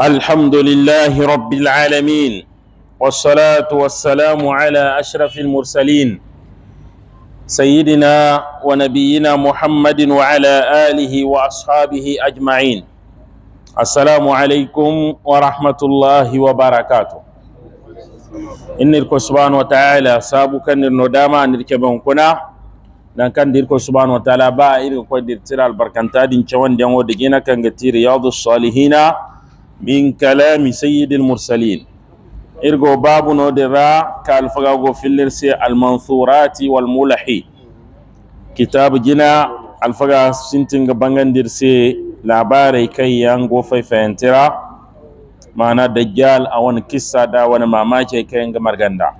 الحمد لله رب العالمين والصلاة والسلام على أشرف المرسلين سيدنا ونبينا محمد وعلى آله وأصحابه أجمعين السلام عليكم ورحمة الله وبركاته إن الكسبان وتعالى سابقا الندامة أن الكبن كنا dan kan dir ko subhanahu wa ta'ala ba iri ko dir tira albarkanta din cewan dan wodi gina kan ga salihina min kalami sayyidil mursalin irgo babu no ra kal faga go fillir se al mansurati wal mulahi kitab gina alfaga sintin ga se labarai kai yan go faifayan tira mana dajjal a wani kissa da wani mamaki kai ga marganda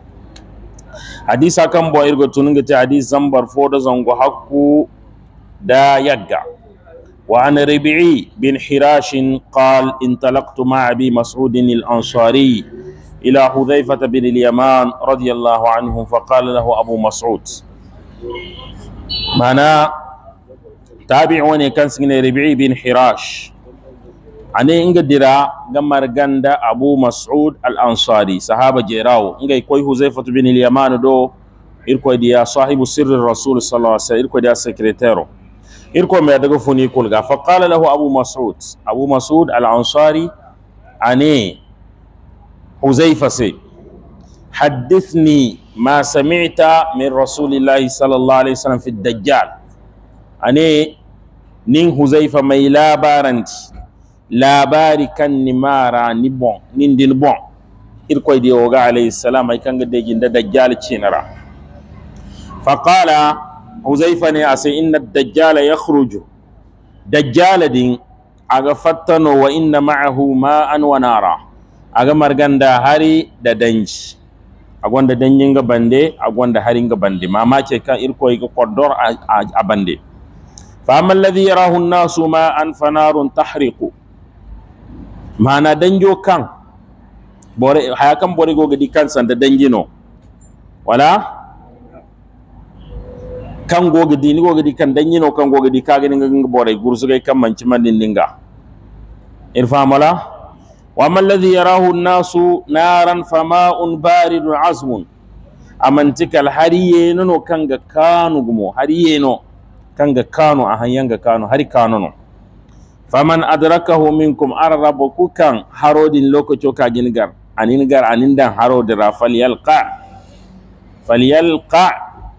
hadisa kan bo irgo tununga ta hadis zambar foda zango hakku da yagga wa an rabi'i bin hirash qal intalaqtu ma abi mas'ud al ansari ila hudhaifah bin yaman radiyallahu anhu fa qala lahu abu mas'ud mana tabi'u ne kan sinne rabi'i bin hirash ane inga dira gamar ganda abu mas'ud al-ansari sahaba jerawo inga koy huzaifatu bin al-yaman do irko dia sahibu sirri rasul sallallahu alaihi wasallam irko dia secretary irko me daga funi kulga fa qala lahu abu mas'ud abu mas'ud al-ansari ane huzaifa se حدثني ما سمعت من رسول الله صلى الله عليه وسلم في الدجال أني نين حذيفة ميلا بارنت labari kan ni mara ni bon nin din bon irkoy di oga alayhi salam ay kan de jinda dajjal cinara fa qala huzaifa ni asa inna dajjal yakhruju dajjal din aga fattano wa inna ma'ahu ma'an wa nara aga marganda hari da danji agwanda Danji nga bande agwanda hari nga bande ce kan irkoy ga kodor a bande fa amma alladhi yarahu an-nasu ma'an narun tahriqu mana danjo kan bore haya kan bore go gidi kan sanda no wala kan go gidi ni go gidi kan no kan go di ka gani ngi bore gursu kai kan manci din dinga irfa mala wa man ladhi yarahu an-nasu naran fama'un baridu azmun amantikal hariye no kan ga kanu gumo hariye no kan ga kanu a hanyan ga kanu hari kanu no faman adrakahu minkum arrabo kukan harodin lokaco kagin gar anin gar harodin dan haro dira falyalqa falyalqa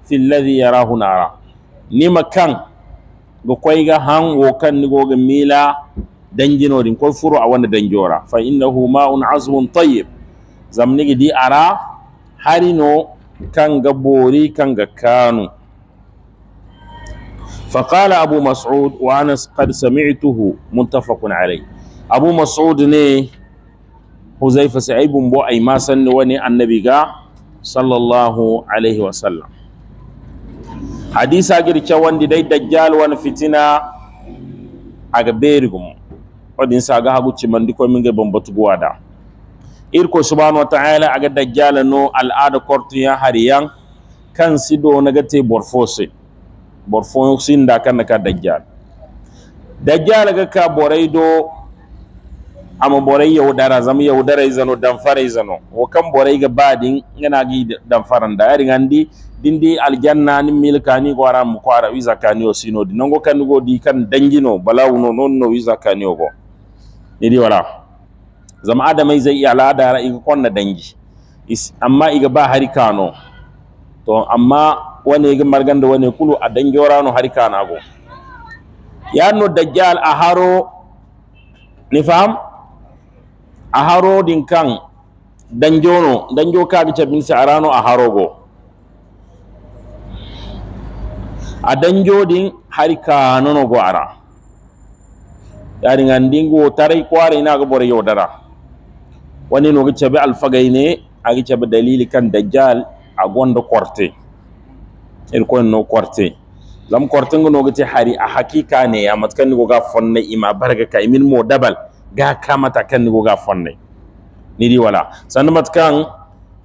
fi yarahu nara nima kan go koyga han wo kan ni ga mila danjinoɗin koye furo a wona danjora fa innahu maun azmun tayyib zamnigi di ara harino kan bori kan ga kano. فقال أبو مسعود وأنا قد سمعته متفق عليه أبو مسعود ني حذيفة سعيب بو أي ما سن وني النبي صلى الله عليه وسلم حديث أجر كوان دي دجال وان فتنة أغبيركم wadin sa ga hagu ci mandi ko min ga bambatu guwada irko subhanahu wa ta'ala aga dajjala no al'ada kortu ya hariyan kan borfon sin da kan ka dajjal dajjal ga ka borai do amma borai yaudara zama yaudara izano fara izano wo kan borai ga badin yana gi damfaran da ari ngandi dindi aljanna ni milkani ni aram ko ara wi zakani o sino di nongo kan go di kan no non no wi zakani o go ni di wala zama adamai zai iya ladara in konna dangi amma iga ba harikano to amma wani ga marganda wani kulu a dan yorano har kana go Ya yanno dajjal a haro ni fam a haro din kan danjono danjo ka bi cabin sa a arano a haro go a danjo din har kanono go ara yari ngandingo tarai kware ina ga bore yodara wani no ga cabe alfagai ne a ga cabe dalili kan dajjal a gonda kwarte. irkon no kwarte lam kwarte ngono nogati hari a hakika ne ya matkan ni goga fonne ima barga ka imin mo dabal ga kamata kan ni goga fonne ni di wala san matkan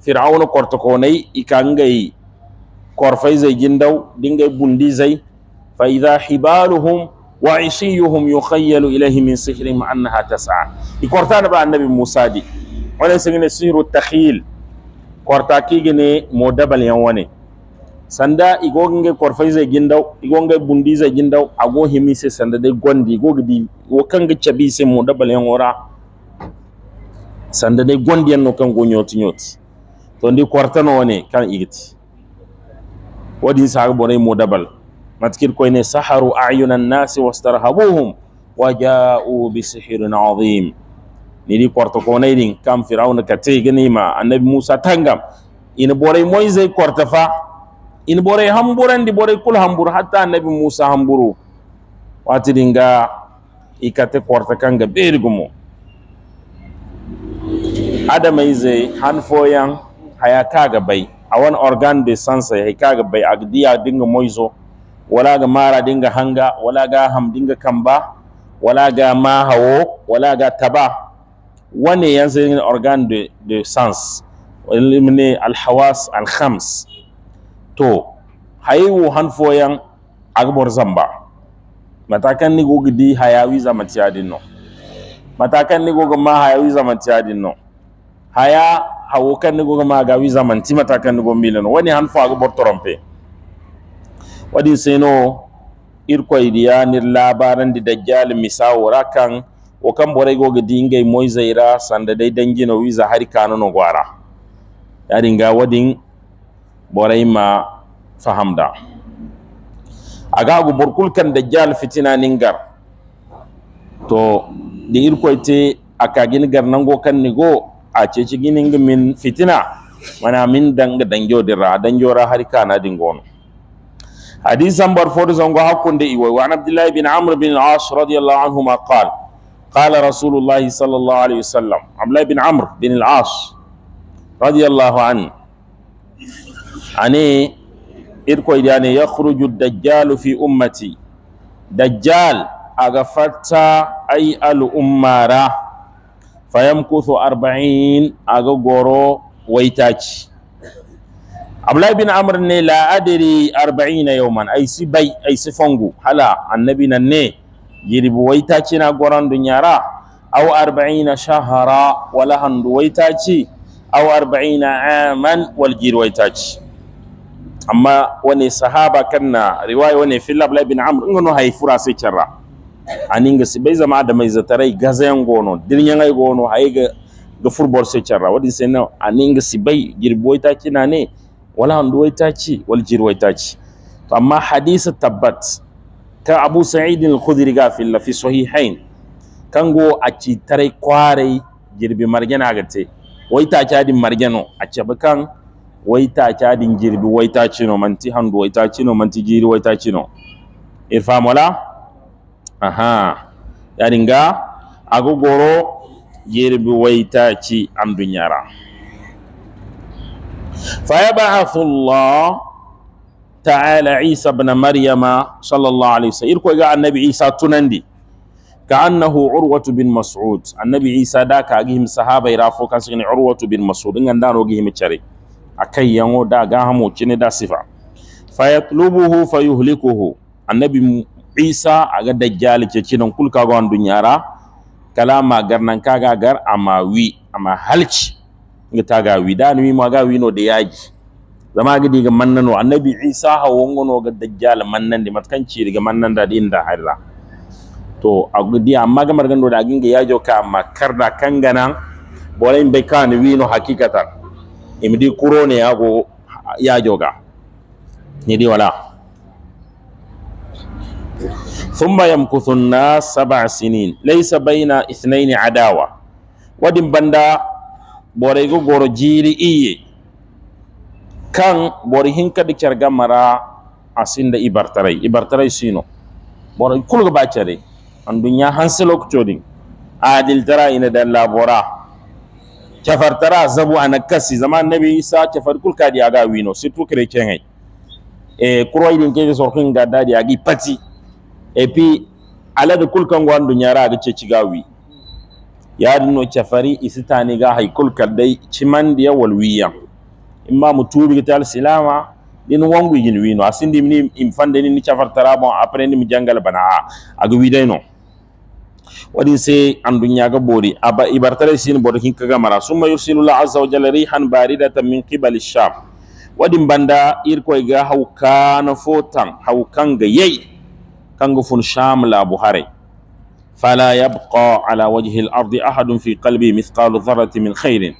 fir'auna korto ko nay ikangai korfai zai gindau dingai bundi zai fa idha hibaluhum wa isiyuhum yukhayyalu ilayhi min ma annaha tas'a ikortana ba annabi musa di wala singine sihru takhil ki gine mo dabal yan wane sanda igoginge zai gindaw igonge bundize gindaw ago sai sanda dai gondi ga wokange sai mu dabal yangora sanda dai gondi no kan go nyoti nyoti to ndi no ne kan igiti wadi go bore mu dabal matkir ko ne saharu ayunan nas wastarhabuhum waja'u bi sihrin azim ni di kwarta ko ne din kam firawna kate ganima annabi musa tangam ina bore moy zai kwarta fa? in bore di bore kul hambur hatta annabi musa hamburu dinga ikate kwarta kanga berigumo hanfo hanfoyan haya kaga bai a wani organ de sansa ya kaga bai a diya dinga moizo wala ga mara dinga hanga wala ga ham dinga kamba wala ga mahawo wala ga taba wane yanzu organ de, de al ne alhawas khams to haihu hanfoyan agbor zamba matakan ni gogi di hayawi zama tiyadin no matakan ni gogi ma hayawi zama tiyadin no haya hawo kan ni gogi ma gawi zaman ti matakan ni gogi milano wani hanfo agbor trompe. wadin seno irkoy diya nir labaran di dajjal misawura kan wo kan bore gogi di ngai moy zaira sanda dai dangino wiza hari no gwara yadinga wadin borai ma fahamda aga gu burkul kan dajjal fitina ningar to di irkoite akagin garnango kan ni go? a ceci gini min fitina mana min danga danjo dirra ra har na dingono hadisan bar fodo zango hakkunde iwo wa an abdullahi bin amr bin al-as radiyallahu anhuma qala qala rasulullahi sallallahu alaihi wasallam abdullahi bin amr bin al-as radiyallahu anhu ani irko ya khuruju dajjalu fi ummati dajjal aga fatta ay al ummara fayamkuthu arba'in aga goro waitachi abdullahi bin amr ne la adri 40 yawman ay si bay ay si fongu hala annabi nan ne bu waitachi na goran dunyara aw 40 shahara wala handu waitaci aw 40 aman wal jir waitachi amma wani sahaba kanna riwaya wani fil abla bin amr ngono hay fura sai charra aninga si bai zama da mai zatarai gazayan gono dirnyan ai gono haye ga ga furbor sai charra wadi sai na aninga si bai girboi ta ci na ne wala handoi ta ci wal jirwai ta ci to amma hadisa tabbat ka abu sa'id al-khudri ga fil fi sahihain kango a ci tarai kwarai girbi margana ga te wai ta ci adin margano a ce kan waita cadin girbi waita cino manti handu waita cino manti jiri waita cino irfamola aha yadinga ago goro girbi waita ci fa ya fayabaathu Allah taala isa ibn maryama sallallahu alaihi wasallam irko ga annabi isa tunandi كأنه عروة بن مسعود النبي عيسى دا كأجهم صحابة يرافو كان سجن عروة بن مسعود إن دانو جهم تشري akai yango da ga hamu cini da sifa fayatlubuhu fayuhlikuhu annabi isa aga dajjal ke cinan kulka ga wandun yara kalama garnan kaga gar amma wi amma halci ga wi da ni ma ga wi no da yaji zama ga diga mannan no annabi isa wongo no ga dajjal mannan di matkanci diga mannan da din da harra to agudi amma ga margan do da ginga yajo ka makar da kanganan bolen bai kan wi no hakikatan imidi ne yago ni di wala thumma yamkuthu an-nas sab'a sinin laysa bayna ithnaini adawa wadin banda bore go goro jiri iye kan bore hinka di carga mara asinda ibartarai ibartarai sino bore kulga bacare andunya hanselo kutodin adil tara ina dalla bora. cafartara zabu ana kasi zaman nabi isa cafar kulka di aga wino surtout chrétien ay e kuroi din ke so kin gadda di agi pati e pi ala de kulka ndu nyara aga ce wi. ya dinno cafari isitani ga hai kulka dai ciman wal walwiya imma mutubi ta al silama din wangu yin wino asindi ni imfande ni cafartara bon apre ni mu jangal bana aga wi dai no wadin se andun ga bori aba ibartare sin bori kin kaga mara summa yursilu la azza wa jalla rihan baridatan min qibal sham wadin banda irko ga haukana fotan haukan ga yayi kanga fun sham la buhari fala yabqa ala wajhi al-ardi ahadun fi qalbi mithqal dharrati min khairin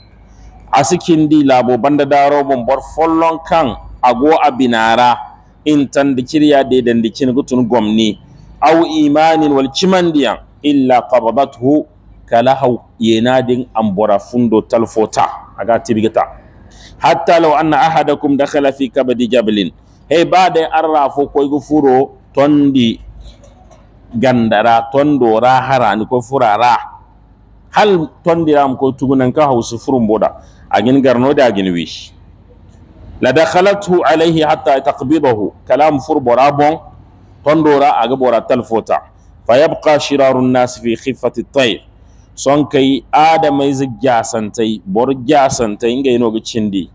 asikin di labo banda daro bon bor follon kan ago abinara intan dikiriya de dan dikin gutun gomni au imanin wal chimandiyan illa qabadathu kalahaw yenadin ambora fundo talfota aga tibigata hatta law anna ahadakum dakhala fi kabadi jabalin hey bade arra ko koy furo tondi gandara tondora harani ko furara hal ram ko tugunan ka hausu furum boda agin garno da agin wish la dakhalathu alayhi hatta taqbidahu kalam furbora bon tondora aga bora talfota fayabqa shirarun nas fi khiffati at-tayr son kai adamai zu gyasantai bor gyasantai ngai no gicindi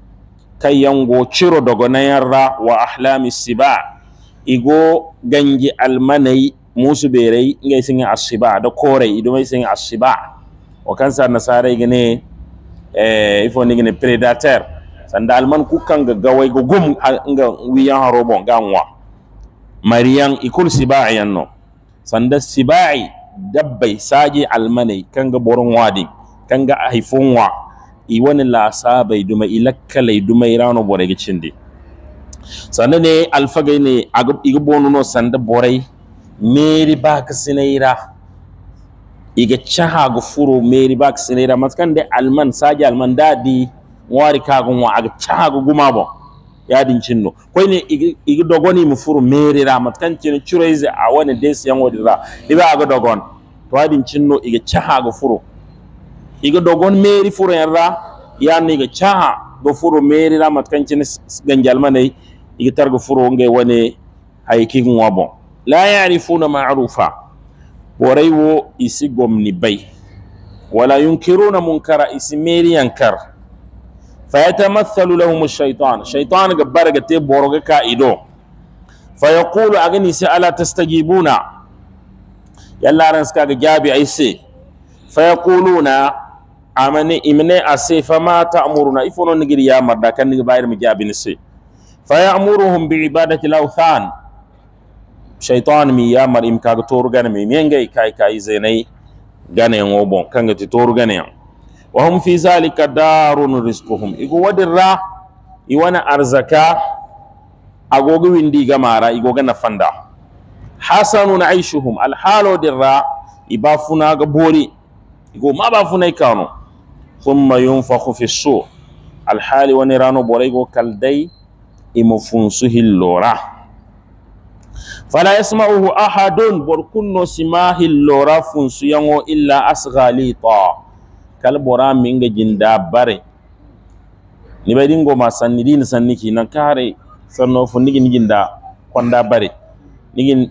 kai yango ciro dogo na wa ahlami siba igo gangi almanai musu berai ngai sin asiba da kore ido mai asiba o kansa gine ifo ni gine predator sanda alman kukan gaggawai gugum nga wiyan harobon ganwa mariyan ikul siba yanno sanda sibai dabbai saji almanai kanga boron wadi kanga haifon wa i wani lasa bai duma i lakkalai duma irano borai ga cindi sanda ne alfagai ne iga bonu no sanda borai meri ba ka sinaira iga caha ga furo meri ba ka sinaira matakan da alman saji alman dadi wari kagun wa aga caha ga guma bon yadin cinno koyne igi dogoni mu furu merira matkan cin churaize a wani desi yango dira diba aga dogon to yadin cinno igi chaha ga furu igi dogon meri furu ra yani igi chaha ga furu merira matkan cin ganjal manai igi targa furu ngai wani haikin wabo la ya'rifuna ma'rufa borai wo isi gomni bai wala yunkiruna munkara isi meri yankar fayatamathalu lahum ash-shaytan shaytan ga barga te boroga ka ido fayaqulu agani sai ala tastagibuna yalla ran ska ga jabi ai sai fayaquluna amani imne ase fama ta'muruna ifono nigiri ya marda kan nigi bayir mi jabi ni sai fayamuruhum bi ibadati al-awthan shaytan mi ya mar im ka ga toru gane mi mengai kai kai zainai gane ngobon kan ga ti وهم في ذلك دار رزقهم إيغو ودرا إيوانا أرزكا أغوغو وندي غمارا إيغوغا نفندا حسن عيشهم الحال درا إبافونا غبوري إيغو ما بافونا كانوا ثم ينفخ في السوء الحالي ونرانو بوريغو كالدي إمفنسه اللورا فلا يسمعه أحد بركن سماه اللورا فنسيانو إلا أسغاليطا kal bora ga jinda bare ni bai dingo ma sanni din sanni ki nan kare sanno fu nigi jinda konda bare nigi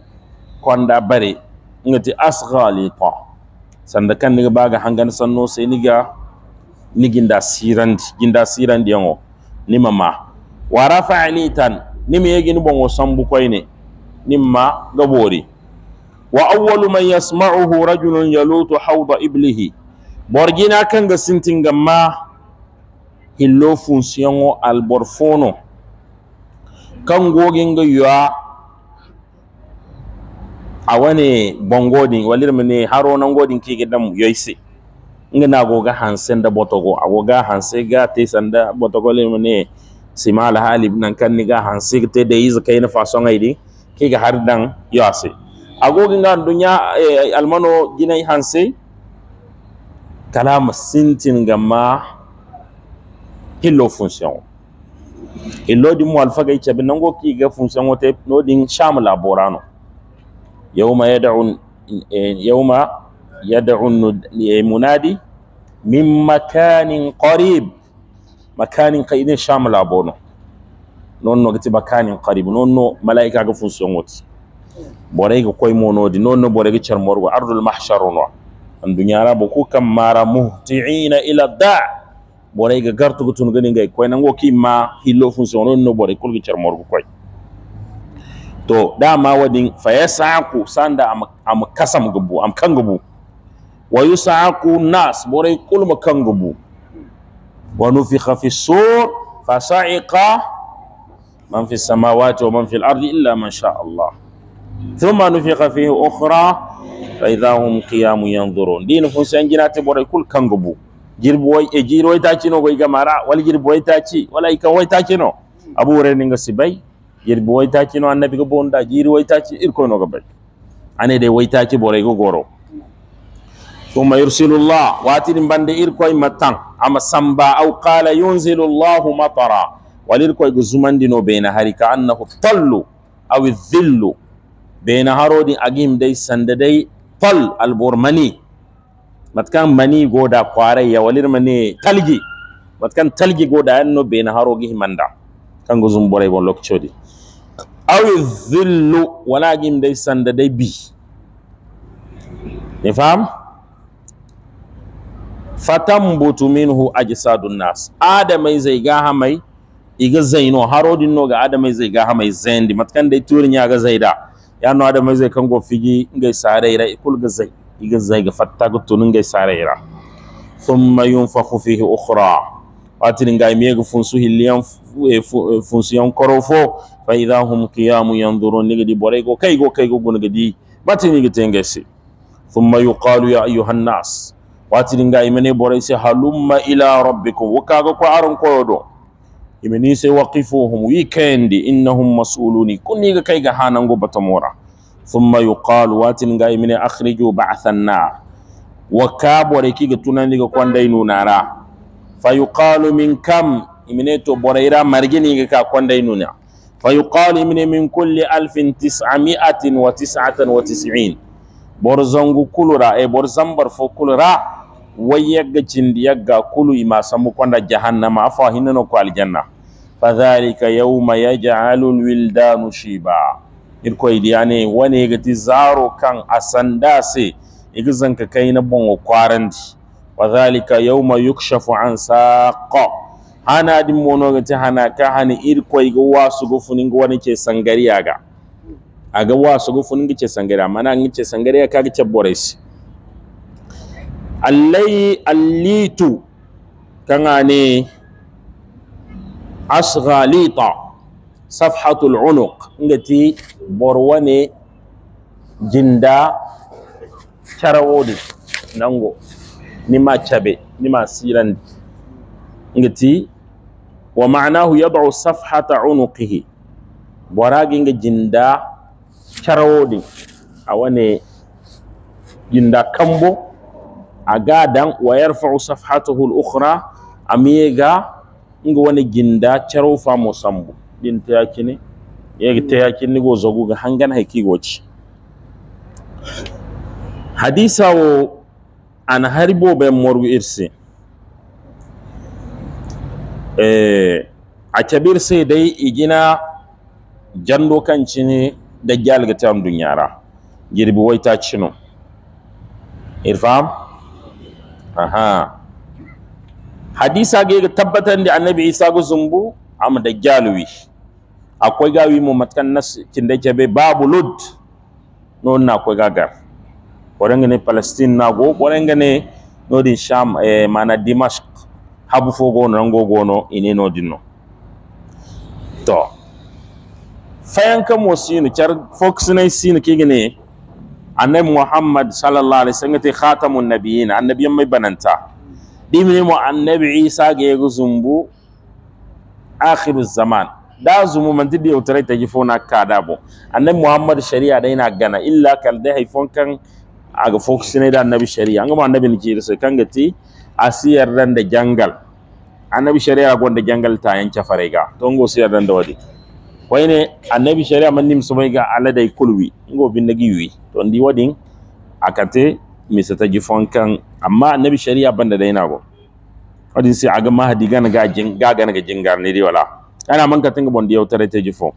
konda bare ngati asghali ta sanda kan niga baga hangan sanno sai ni niga ginda sirandi ginda sirandi yango ni mama wa rafa'ani tan ni me yegi ni bongo sambu koyne ma gabori wa awwalu man yasma'uhu rajulun yalutu hawda iblihi borgina kanga ma hillo funsiyango alborfono kangoginga yuwa a wani bongodin walir mini haro nan godin ki gidan mu yoise inga na goga hansen da botogo agoga hanse ga te sanda botogo le mini simal halib nan ga hanse te da yiz kai na fason aidi ki ga har dan yoise agogin ga dunya eh, almano ginai hanse kalama hilo hillo function di mu alfaga yake bin nan goki ga function wata nodin sham laborano yawma yad'un eh, yawma yad'un eh, munadi min makanin qarib makanin qaidin sham laborano nono gati makanin qarib nono malaika ga function wata borai ga koy monodi nonno borai ga charmorgo al mahsharun andunyara boku kam mara muhtiina ila da bore ga gartu gutun gani ngai koy nango ki ma hillo fun sono no bore kulgi charmor gu koy to dama wadin fayasaku sanda am am kasam gubu am kan gubu wa yusaku nas bore kulma kan gubu wa nufikha fi sur fasa'iqa samawati wa man fi al-ardi illa ma sha Allah ثم نفخ فيه أخرى fa idha hum qiyamun yanzurun dina fun san jina te boray kul kango bu jirbu way e jiro way tacino goy gamara wal jirbu way taci wala ikan way tacino abu reni nga sibay jirbu way tacino annabi go bonda jiri way taci irko no gabay ane de way taci boray go goro ثم يرسل الله واتن بند إركوي متان أما سمبا أو قال ينزل الله مطرا وليركوي جزمان دينو بين هاري كأنه الطل أو الذل بين هارودي أجيم دي سند دي kwal albor mani matkan mani goda kware ya walir mani talgi matkan talgi goda yanno bena harogi himanda kango zumbore bon chodi aw dhillu wala gim dai sanda dai bi ni fam butu minhu ajsadun nas adamai zai ga mai iga zaino haro dinno ga adamai zai ga mai zendi matkan dai turin ya ga zaida no ada mai zai kango figi ngai ira ikul gazai zai ga fatta ga tunun ngai ira thumma yunfakhu fihi ukhra watin ngai miye go funsu hilliyan eh, eh, funsu yan korofo fa idha hum qiyamun yanzurun nigdi di go kai go kai go gun gidi batini gitenge si thumma yuqalu ya ayyuhan nas watin ngai mene borai si halumma ila rabbikum ga ko aron koyodo imini sai waqifuhum weekend innahum mas'uluni kunni ga kai ga hanango batamora thumma yuqal watin ga imini akhriju ba'than nar wakabore kiga tunani ga kwanda inu nara fayuqalu min kam imine to boraira margini ga ka kwanda inu na fayuqalu imine min kulli alfin tis'amiatin wa tis'atan wa tis'in borzangu kulura e borzambar fo kulura wai yagga cindi yagga kulu ima samu kwanda jahannama afa hinano ko aljanna fadhalika yawma yaj'alu alwildanu shiba irkoy diyane wane gati zaro kan asanda se igizan ka kai na bon kwarandi fadhalika yawma yukshafu an saqa hana din mono gati hana ka hani irkoy go wasu go funin go wani ke sangariya ga aga wasu go funin ke sangariya mana ngin ke sangariya ka gice boris allai allitu kan ne ashghalita safhatul unuq ngati borwane jinda charawodi nango nima chabe nima wa yad'u safhata unuqihi boragi jinda charawodi jinda kambo agadan wa yarfa'u safhatuhu al-ukhra amiga nga wani ginda charo famo sambu din ta yakini ya ta yakini go zagu ga hangan haiki goci hadisa wo an haribo be morgu irse eh a kabir sai dai igina jando kan cine da gyalga ta amdun yara girbi wai ta cino irfam aha hadisa ga ga tabbatar da annabi isa ga zumbu am dajjaluwi akwai gawi mu matkan nas kin da kebe babu lud no na akwai gagar ga ne palestine na go ga ne no din sham eh, mana dimashq habu fo go no ngo go no ine no dinno to fayan kan wasu yin fox ne sinu ke ga ne annabi muhammad sallallahu alaihi wasallam ta khatamun nabiyina annabiyan mai bananta ɗimne mo annabi isa ga yego zumbu akhiru zaman da zumu man tidi yautare ta gifo na kada bo annabi muhammad shari'a da na gana illa kal dai haifon kan aga focus ne da annabi shari'a an gama annabi ne ke sai kan gati asiyar dan da jangal annabi shari'a gonda jangal ta yanke farega to ngo siyar dan da wadi kwai ne annabi shari'a man nim sumai ga aladai kulwi ngo bin da giwi to ndi wadin akate misa ta gifon kan amma annabi shari'a banda da yana go odin sai aga mahdi gana ga jin ga gana ga jingar ne dai wala ana manka tinga bon tare jifo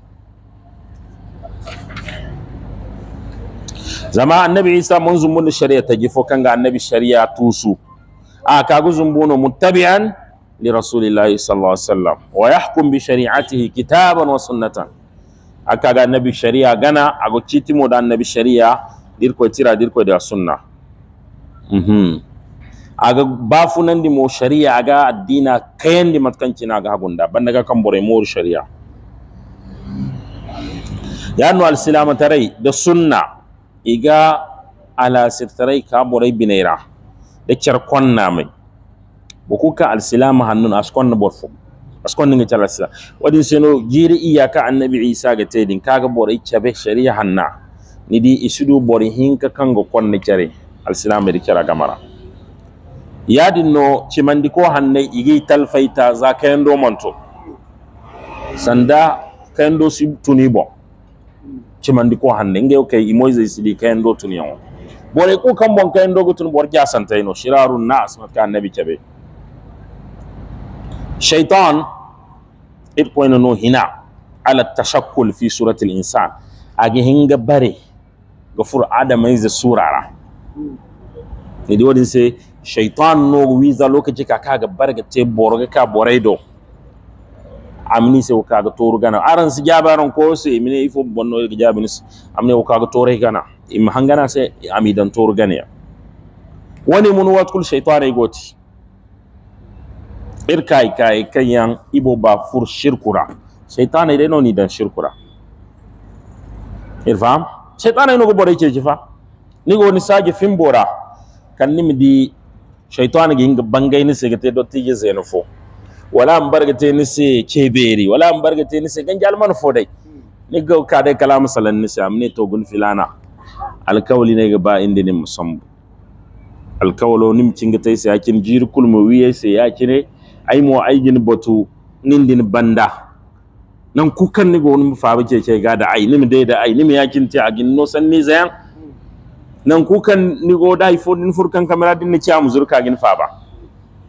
zama annabi isa mun zumbu da shari'a ta jifo kan ga annabi shari'a tusu a gu zumbu no muttabi'an li rasulillahi sallallahu alaihi wasallam wa yahkum bi shari'atihi kitaban wa sunnatan aka ga annabi shari'a gana ago citimo da annabi shari'a dirko tira dirko da sunna mhm mm aga di mo sharia aga addina kayan di matkanci na aga hagunda kan bore mo sharia yanu alsilama tarai da sunna iga ala sirtarai ka bore binaira da kyarkon na mai bukuka alsilama hannun askon na a askon ninga kyar sila wadin sino jiri iyaka annabi isa ga taidin kaga bore kyabe shari'a hanna ni di isudu bore hinka kanga kwan na kyare alsilama da cera gamara yadinno cimandiko Hannai igi talfaita za ka yando manto sanda yando si tuni bon cimandiko hanne ngeyo kay imoyze sidi yando tuni on bore ku kan bon yando gutun borja santaino shirarun nas ka annabi kebe shaytan itkoyno no hina ala tashakkul fi surati al-insan agi hinga bare gafur adamai za surara ne di wadin se shaitan no wiza lokaci ka kaga barga te borga ka boraido amni se kaga toru gana aran si jabaran ko se imine ifo bonno ga jabinis amne o kaga toru gana im hangana se amidan toru gane wani mun watkul shaitan ay e goti irkai kai kayan ibo ba fur shirkura shaitan e ay no ni dan shirkura irfam shaitan ay e no go bore ce fa ni go ni sage fimbora kanni di shaytan gi hinga bangay ni se gate dotti je zeno fo wala am bargate ni se cheberi wala am bargate ni se ganjal man fo dai ni ga ka dai kalam salan ni se amne to gun filana kawli ne ga ba inde ni al kawlo nim cinga tay se akin jir mo wiye se yakine ay mo ay gin botu nindin banda nan kukan ni go wani fa ba ce ga da ay nim dai da ay nim yakin te a gin no san ni zayan nan kukan ni go dai din furkan kamera din ni ciamu zurka gin fa ba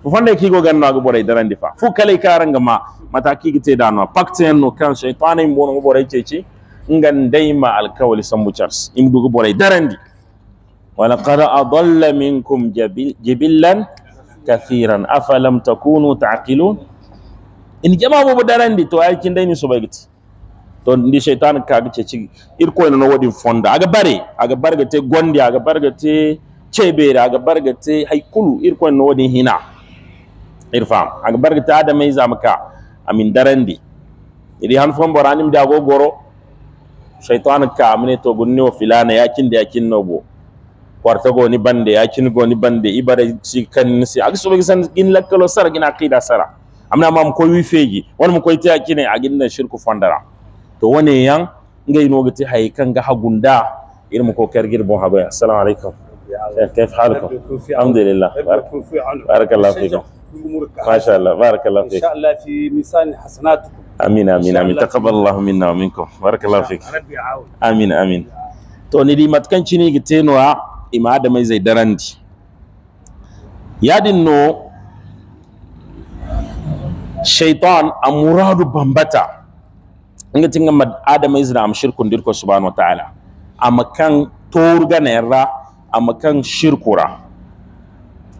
fu fanda ki go ganna go borai daran difa fu kale karan ga ma mata ki gite da no pakten no kan shaytani mo go borai cece ngan daima alkawli sambu chars im du go borai daran di wala qara adalla minkum jibillan kathiran afalam takunu taqilun in jama'a bo daran di to ai kin dai ni so bai gite to ndi shaitan kaga ce cigi irko na wadin fonda aga bare aga barga te gondi aga barga te cebere aga barga te haikulu irko na wadin hina irfam aga barga te adama yi e zamuka amin darandi iri han fon boranim da gogoro shaitan ka amne to gunni wa filana yakin da yakin nobo kwarta goni bande yakin goni bande ibare si kan si aga so san gin lakkalo sara gina qida sara amna mam ko wi feji wani mu koy te yakine agin na shirku fondara to yan yang ngay nogati hay ga hagunda ilmu ko kergir bon habay assalamu alaikum كيف حالكم؟ الحمد لله بارك, بارك الله فيكم ما شاء الله بارك الله فيك ان شاء الله في ميزان حسناتكم امين امين امين تقبل الله منا ومنكم to ni di matkan ima mai zai darandi yadin no shaitan amuradu bambata inga tinga mad adama e izna am shirkun dirko subhanahu wa ta'ala amakan torga nerra amakan shirkura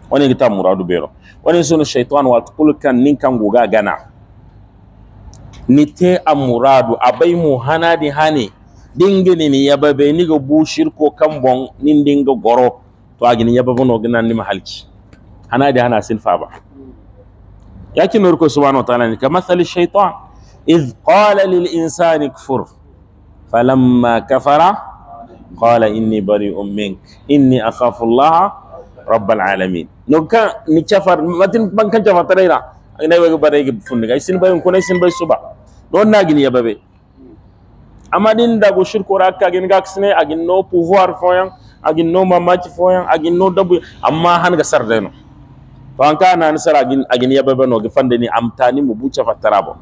wani gita muradu bero wani sunu shaitan wa tukulkan ninkan guga gana te a muradu abai mu hana di hane dingini ni yababe ni ga bu shirko kan bon nin dinga goro to a gini yababe no gina ni mahalki hana di hana silfa ba yakin nurko subhanahu wa ta'ala ni ka mathali shaitan إذ قال للإنسان كفر فلما كفر قال إني بريء منك إني أخاف الله رب العالمين نوكا نكفر ما تن بان كان كفر ترينا أنا يبغى بريء بفندق أي سنبا يمكن أي سنبا يسوبا دون ناقني يا بابي أما دين دا بوشير كوراك أجن غاكسنة أجن نو بوفوار فويان أجن نو ما ماماتي فويان أجن نو دبوي أما هان غسر دينو فان كان أنا نسر أجن أجن يا بابي نو غفندني أمتاني مبوشة فترابو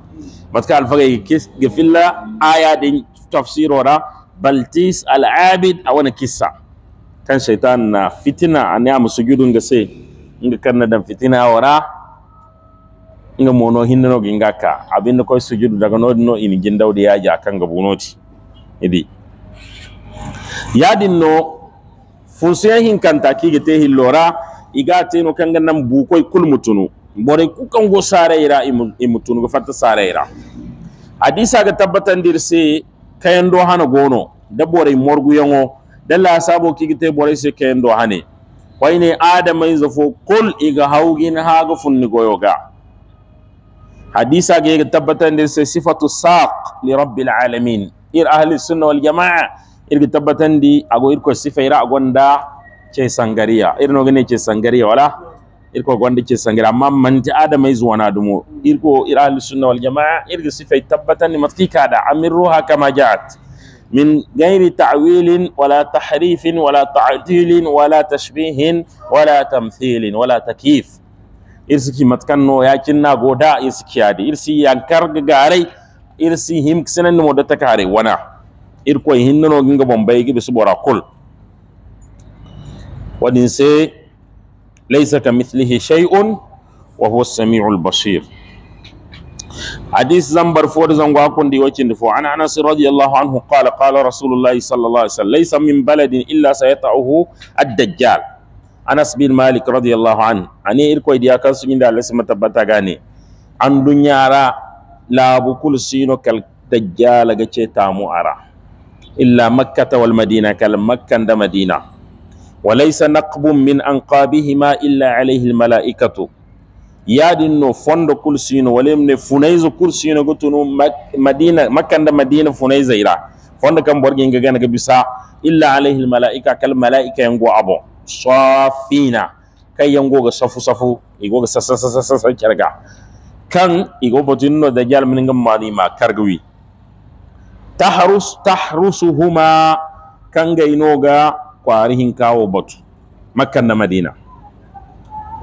matka alfagai gafilla aya din tafsirora baltis al'abid a wani kissa kan shaitan na fitina a ne a musu gudun ga sai inga kan dan fitina wara inga mono hinna no ginga ka abinda su sujudu daga no no in gin daudi ya ja kan gabu noti idi yadin no fusiyan hin kanta ki gite hillora iga teno kan ga nan bukoi kul mutunu bore ku kango saraira imutunugo fatta saraira hadisa ga tabbatan dirse kayando hana gono da bore morgu yango dalla sabo sabo kigite bore se kayando hane wayne adama zafo kul iga haugin ga funni goyoga hadisa ga tabbatan dirse sifatu saq li rabbil alamin ir ahli sunna wal jamaa ga tabbatan di ago irko sifaira agonda ce sangariya irno gane ce sangariya wala irko gonda ke sangira amma manti adamai zuwa na dumo irko ir ahlus sunna wal jamaa irga sifai tabbatan ni matki kada amiruha kama jaat min ghairi ta'wilin wala tahrifin wala ta'dilin wala tashbihin wala tamthilin wala takyif irsi matkan no yakin na goda irsi kiyadi irsi yankar garai irsi him kisanan mo da takare wana irko hinno ginga bombay gibi subora kul wadin sai laisa ka mithlihi shay'un wa huwa as-sami'ul basir hadis zambar fod zango hakundi wacinde fo an anas radiallahu anhu qala qala rasulullahi sallallah alih sallam laysa min baladin illa sayata'uhu ad-dajjal anas bin malik radiallahu an ani irkoy diya kan suñinde allah sima tabbata gane andu ñara laabu kul sino kal dajjala ga ce tamu ara illa makkata wal madina kal makkan da madina وليس نقب من أنقابهما إلا عليه الملائكة yadin no fondo kulsino walem ne funaizo kulsino gutunu madina makanda madina funaiza ira fondo kam borgi nga gana ga bisa illa alaihi almalaika kal malaika yango abo safina kai yango ga safu safu igo ga sasa sasa sasa kirga kan igo botinno da jal min ngam mani ma kargwi tahrus tahrusuhuma kan ga inoga Kwarihin Kawo batu makkan na madina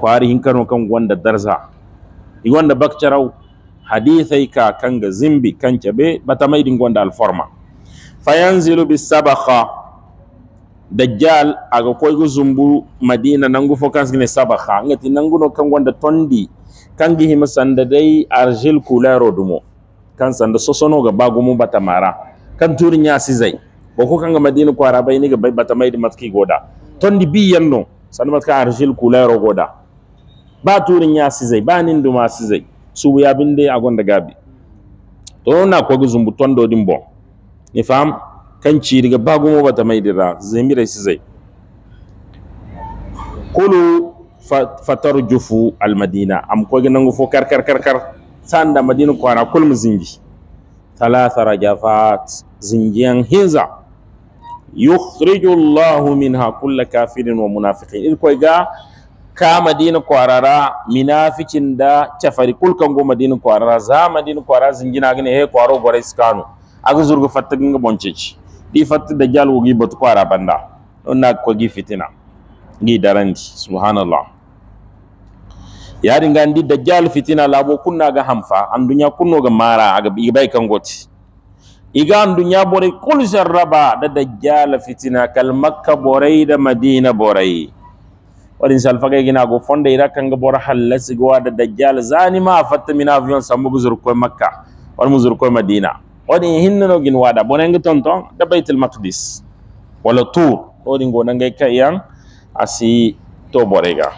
Kwarihin Kano kan gwanda darza i wanda bakcarau hadithai ka kanga zimbi kan be bata maidin gwanda alforma fayanzilu sabakha dajjal aga go zumbu madina nangu fo kansgine sabakha ngati nanguno kan gwanda tondi kangi hima sanda dai argil kularo dumo kan sanda sosono ga bagumu bata mara kan turin ya sizai boko kanga madina kwara bai bata mayde matki goda tondi bi yanno san matka arjil kulero goda ba turin ya sizai ba nin duma sizai su ya binde a gonda gabi to na ko zumbu tondo dimbo ni fam kan ci diga ba mo bata mayde ra zemira sizai kulu fatarjufu almadina am ko ginangu fo kar kar kar kar sanda madina kwara kulmu zingi talata rajafat zingiyan hinza yukhriju Allahu minha kulla kafirin wa munafiqin il koy ga ka madina kwarara minafikin da cafari kulkan go madina kwarara za madina kwarara zingina gane he kwaro gore iskanu aga zurga fatta ginga bonceci di fatta da jal wugi batu kwara banda onna ko gi fitina gi daranti subhanallah yari da dajjal fitina labo kunna ga hamfa an kunno ga mara aga bai kan goti igan dunya borai kul raba da dajjal fitina kal makka borai da madina borai wadin fagai gina go fonda ira kanga bor halas go da dajjal zani ma fatta min avion sambu guzur ko e makka wal muzur ko e madina wadin hinna no gin wada bonen tonton da baitul maqdis wala tur wadin go nan kai yan asi to borega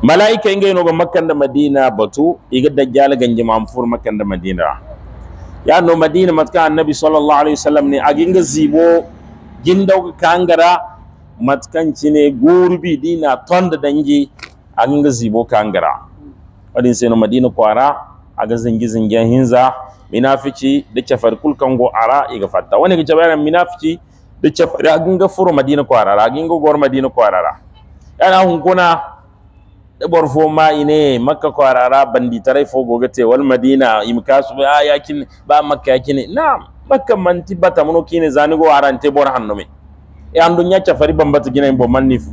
malaika ingai no go makka da madina batu iga dajjal ganji mamfur makka da madina ya no madina matka annabi sallallahu alaihi wasallam ne aginga zibo gindaw kangara matkan ne gurbi dina tonda dangi aginga zibo kangara wadin sai no madina kwara aga zingi zingi hinza minafici da cafar kulkango ara iga fatta wani ga jabaran minafici da cafar aginga furo madina kwara aginga gor madina kwarara yana hunkuna bor fo ma ine makka ko arara bandi tarai fo gogate wal madina imkasu ba yakin ba makka yakin na makka manti bata mono kine zani go arante bor hanno me e andu nya fari bambata gina bo manifu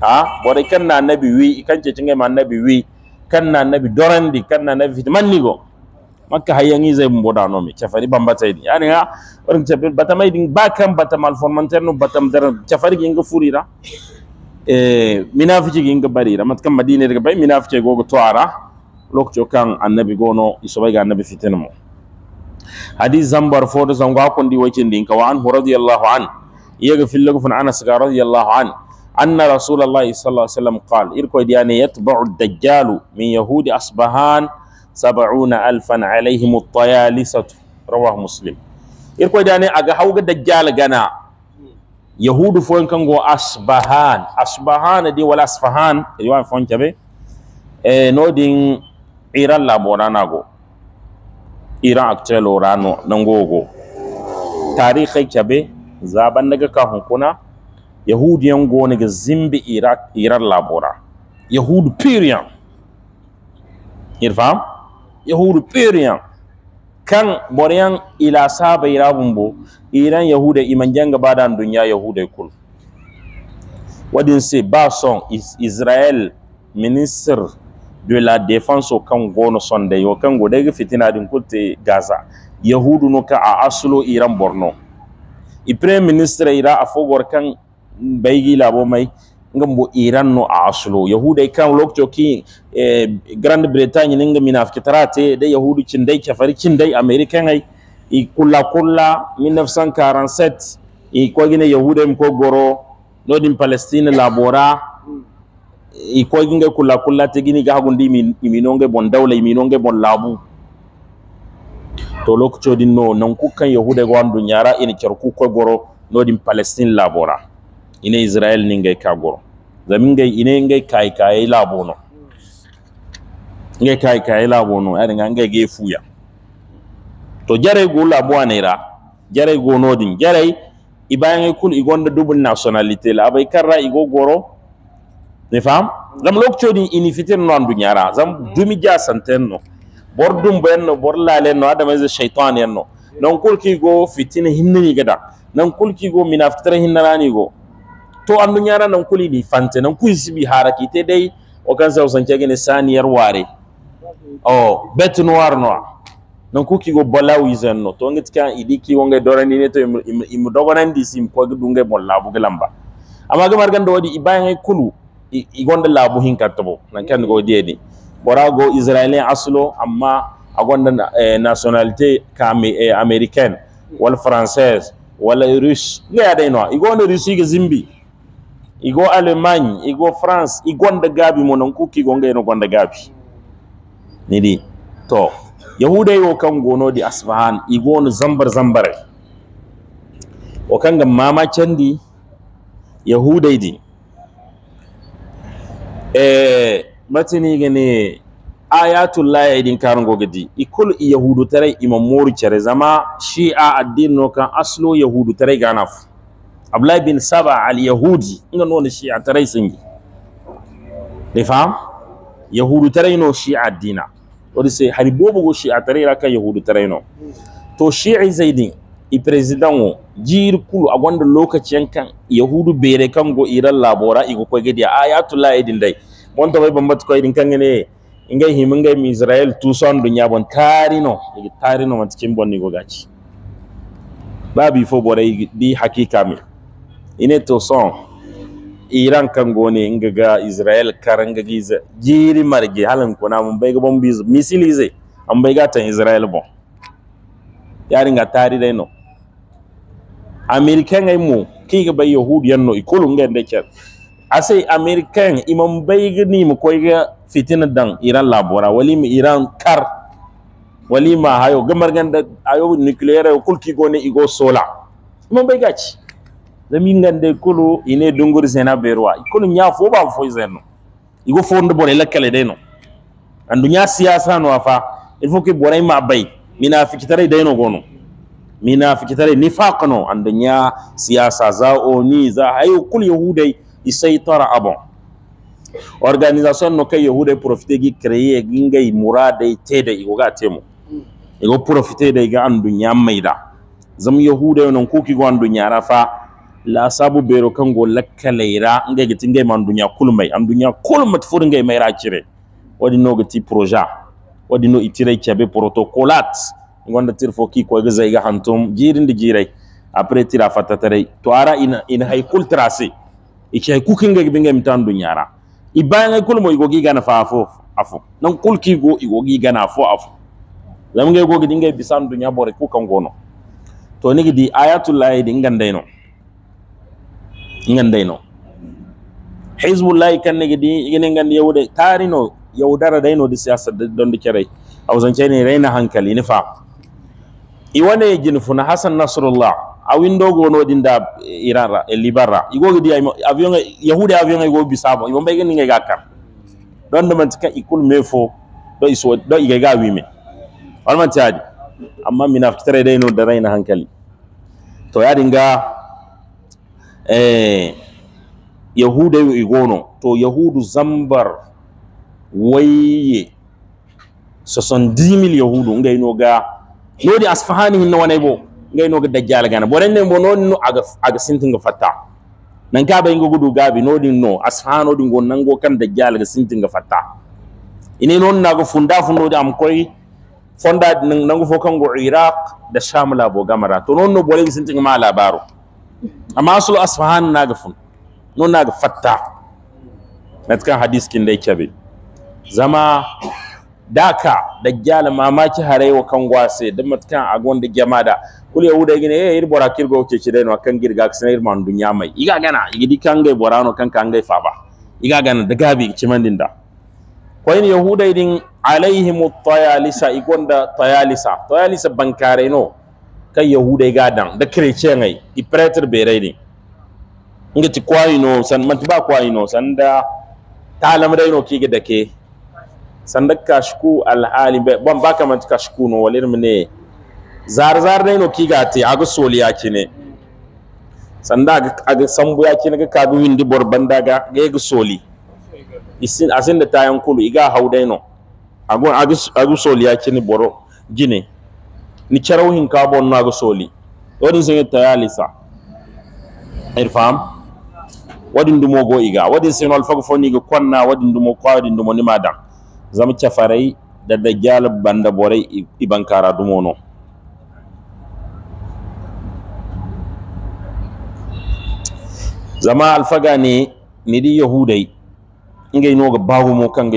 ha bore kan na nabi wi kan ce cinga ma nabi wi kan na nabi dorandi kan na nabi fitmanni go makka hayangi zai da no me fari bambata idi yani ha wani cha bata mai din ba kan bata malformanter no bata mdar chafari ginga furira Eh, minafici ginga bari da matkan madina daga bai minafici gogo tuara lokacin kan annabi gono isobai ga annabi fitin mu hadis zambar fo da zango akon di wakin din ka wa an radiyallahu an yaga fil lagfun anas ga radiyallahu an anna rasulullah sallallahu alaihi wasallam qal irko diyane yatba'u ad-dajjal min yahudi asbahan 70000 alaihim at tayalisat rawahu muslim irko diyane aga hawga dajjal gana yahudu fo en kango asbahan asbahan di wala asfahan e wan fon jabe e no din iran go iran actuel orano nangogo tarihi e jabe zaban daga kahun yan go ne ga zimbi iraq iran labora yahudu period irfam yahudu period kan boreyan ila saba irabun bo iran yahuda iman janga badan dunya yahuda kul wadin se ba son is israel minister de la kan gono son de yo kan gode fitina din kulte gaza yahudu no ka a aslo iran borno i prime minister ira afogor kan baygi labo mai ngambo iran no aslo yahuda e kan lokto ki e, grande bretagne ninga minafkitarate e de yahudi cindai kafari cindai american ai i kulla kulla 1947 i kogine yahuda ko goro nodin palestine labora i koginge kula kulla tegini ga min iminonge bon dawla iminonge bon labu to lokacodin no nan kukan yahuda ga wandu nyara ina kerku ko goro nodin palestine labora ina israel ningai kagoro zamingai ina ngai kai kai labono ngai kai kai labono ari ngai ge fuya to jare go labo anira jare go nodin jare ibayan kul igonda dubul nationalite la abay karra igo goro ne fam zam lokcodin ini fitir no andu nyara zam dumi ja santenno bor dum benno bor lalenno adama ze shaytan yanno non kulki go fitina hinni gada nan ki go minafitra hinnanani go to an andu yara nan kuli ni fante nan kun bi haraki te dai o kan sa usan kegene saniyar ware o bet noir noir nan kuki go bola wizen no to ngit kan idiki wonge ni ne to dogo nan di sim ko dunge bolla bu gelamba amma gamar ganda wadi ibayan hay kulu i gonda labu hin kartabo nan kan go diedi borago israeli aslo amma agonda e, nationalité kame e, américaine wal française wala russe ne ya dai no igonda russe ga zimbi igo Allemagne igo France igonda gabi mo nan kuki gonga ino gonda gabi nidi to yahuda yo kan gono di asfahan igono zambar zambar o kan ga mama candi yahudai di eh matini gane ayatullah ya idin karin gogadi ikul yahudu tarai imam mori cere zama shi'a addin kan aslo yahudu tarai ganaf abdullahi bin saba al yahudi nga noon shi'a sun yi Da fa yahudu taray no shi'a dina odi sai, hari bobo go shi'a taray raka yahudu taray no to Shi'a zaidi i president wo jiir kulu a wanda lokaci yan kan yahudu bere kan go iran labora igo koy gidi a ya tulla idin dai mon to bay bambat koy din kan ne ingay him ingay mi israel tu son dunya bon tarino igi tarino man cikin bon ni go gaci babi fo bore di hakika mi ine to son iran kan gone in ga israel karan gaga iza jiri marge halin kuna mun bai ga bon bizu misili zai an bai ga tan israel bon yarin ga tari dai no american ai mu ki ga bai yahudiyan yanno ikolu ngai da kyar asai american imam bai ga ni mu koi ga fitina dan iran labora wali mu iran kar wali ma hayo gamar ganda ayo nuclear kulki gone igo sola imam bai gaci zamingande kulu ine dunguri zena berwa ikulu nya fo ba fo zeno igo fo ndo bore la kale deno andu nya siyasa no afa il faut que bore ma bay mina fikitare deno gono mina fikitare nifaq andu nya siyasa za o ni za hayo kul yahudai isaitara abon organisation no kay yahudai profiter gi créer gingay muradai tede igo ga temo igo profiter de ga andu nya maida zam yahudai non kuki go andu nya rafa la sabu bero kan go lakkaleira ngay gati ngay man dunya kulmay am dunya kulmat fur ngay mayra cire wadi no gati projet wadi no itire chabe protocolat ngonda tir fo ki ko ga zai ga hantum jirin di jirai après tira fatatare to ara ina ina hay kul tracé ichi hay nga ga binga mitan dunya ra ibayan ngay kulmo igo gi gana fa afu? afo nan kul ki go igo gi gana fo afo lam ngay go gi dingay bisan dunya bore kukan gono to nigi di ayatullahi dingan dayno ngandayno hizbullahi kanne gidi gine ngandi yawde tarino yaudara dayno di siyasa donde cerey awzance ne raina hankali nifaq iwane funa hasan nasrullah awindo gono dinda eh, iran ra eh, libara igo gidi avion yahude avion igo bisabo ibo mbege ninga gakar don da mantika ikul mefo do iso do iga gawi me walman tiadi amma mina fitare dayno da raina hankali to ya dinga Eh, yahuda yu igono to yahudu zambar waye dimil yahudu ngayno ga noodi asfahani hinno wonay bo ngayno ga dajjal gana bonenne bo noon no aga aga ga fatta nan ka bay ngogudu gabi noodin no asfahano di gon nango kan dajjal ga sintinga fatta ini na nago funda fundode am koy fonda nango fo kango iraq da shamla bo gamara to noon no bolen sintinga ma labaru amma asul asfahan na ga fun no na ga fatta na cikin hadis kin dai kebe zama daka da gyala mamaki harai wa kan gwase da matakan agon da gyamada kul yahuda gine eh ir bora kirgo ke ci dai no kan girga kan ir man dunya mai iga gana igidi kan gai borano kan kan gai faba iga gana da gabi ci mandin da koyin yahuda idin alaihimu tayalisa igonda tayalisa tayalisa bankare no kan yahudai gadan da kirece ai i berai ne inga ti kwai no san man ba kwai no san da talam dai no ki ga dake san da kashku alhali ban ba ka man kashku no walir mene zar zar dai no ki ga te agu soliya ki ne san da agu sambu ya ki ne ga kadu windi bor banda ga ga ga soli isin asin da tayan kulu iga haudai no agu agu soliya ki ne boro gine ni charaw hin ka bon na go soli wadin singa tayalisa irfam wadin dumo go iga wadin singa al fago foni go konna wadin dumo ko wadin dumo ni madan zam chafarai da dajjal banda Bore, ibankara dumo no zama alfaga ne ni di yahudai ingai no ga bawo mo kan,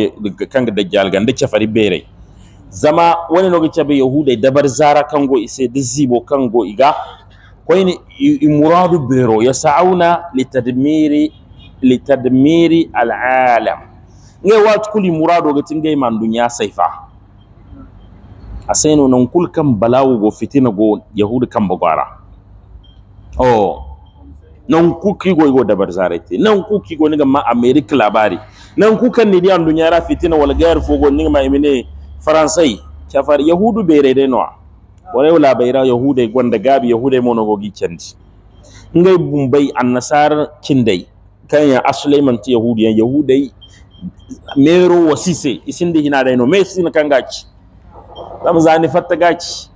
kanga dajjal ganda chafari berai zama wani lokaci bai yahuda dabar zara kango ise dizibo kango iga ni imuradu bero yasauna litadmiri litadmiri alalam nge wat kuli murado gatin gai man dunya saifa A nan kul kan balawu go fitina go yahuda kan bagwara oh nan kuki go go dabar te nan kuki go ni ma america labari nan kukan ni diyan dunya ra fitina wal gair fogo ni ma imine faransai cafar yahudu bere de noa wore wala bayra yahude gwanda gabi yahude mono gogi go giccandi bumbai an annasar kindai kanya asulaiman ti yahudiyan yahudai mero wasise isinde hina dai no mesin kangaci dam zani fatta gaci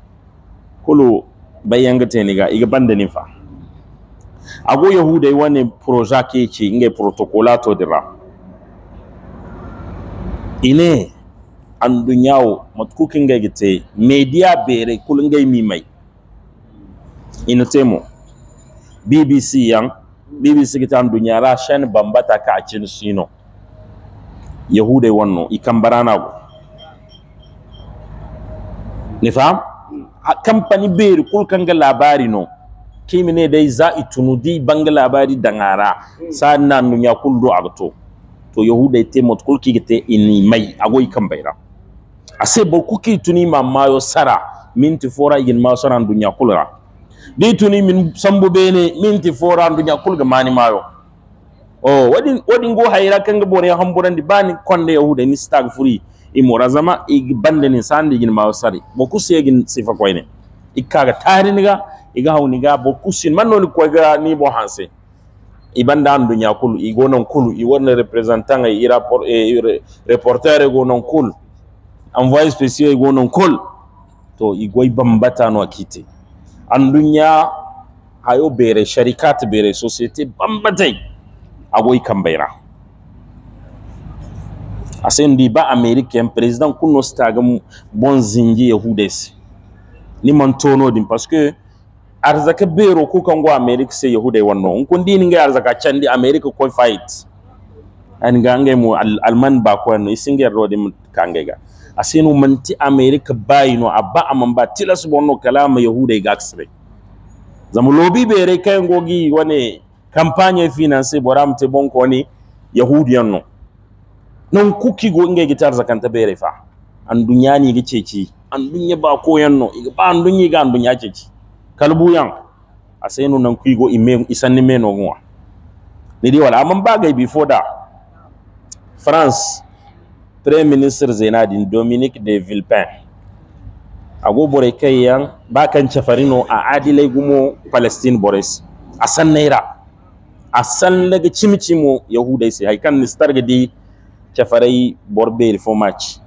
kulu bayanga teniga iga banda nifa ago yahudai wani proja ke ce ingai protocolato dira ine an dunyawo matkukin ga gite media bere kulun gai mi ina temo bbc yan bbc kita an dunya ra shan bambata ka a cin sino yahudai wannan ikan barana go ni hmm. kampani a kamfani bere kulkan ga labari no kimi ne dai za a tunu di banga labari dangara hmm. sa'an nan dunya kullu a to yahudai te matkulki gite ini mai agoi kan bayram ase asebo kuki tuni ma mayo sara min ti fora yin ma sara dunya kulra di tuni min sambu bene min ti fora dunya kulga mani mayo o wadin wadin go hayra kanga bone hamburan di bani konde yahuda ni stag furi i morazama i bande ni sandi gin ma sari boku segin sifa koyne ikaga tari niga iga hawni ga boku sin manno ni ga ni bo hanse i banda an dunya kulu i gonon kulu i wona representant e i rapport e reporter go non kulu envoyé spécial go non kol to igoy bambata no akite an dunya hayo bere sharikat bere société bambatai agoy kambaira asen di ba américain président kunno stagam bon zingi yahudes ni man din parce que arzaka bero ko kan go america sai yahudai wannan kun dinin ga arzaka can di america ko fight an gange mu alman ba ko no isingar rodin kangega asenu manti america bayino abba amamba tilas bonno kalama yahuda e gaksre zamu lobi bere kayen gogi wane campagne finance boramte bonko wani yahudiyan no non kuki go ngai gitar zakanta bere fa an dunya ni gice ci an dunya ba koyan no iga ba an dunya ga an dunya ce ki kalbu yan asenu nan kuyi go ime isanni meno gwa ni dai wala amamba ba gai before da france prime ministre zenadin dominique de villepin A bore kai yan bakan cafarino a adilai gumo palestine boris a san naira a san daga cimcimo Yahuda sai haikan nistar gadi cafarai borbe march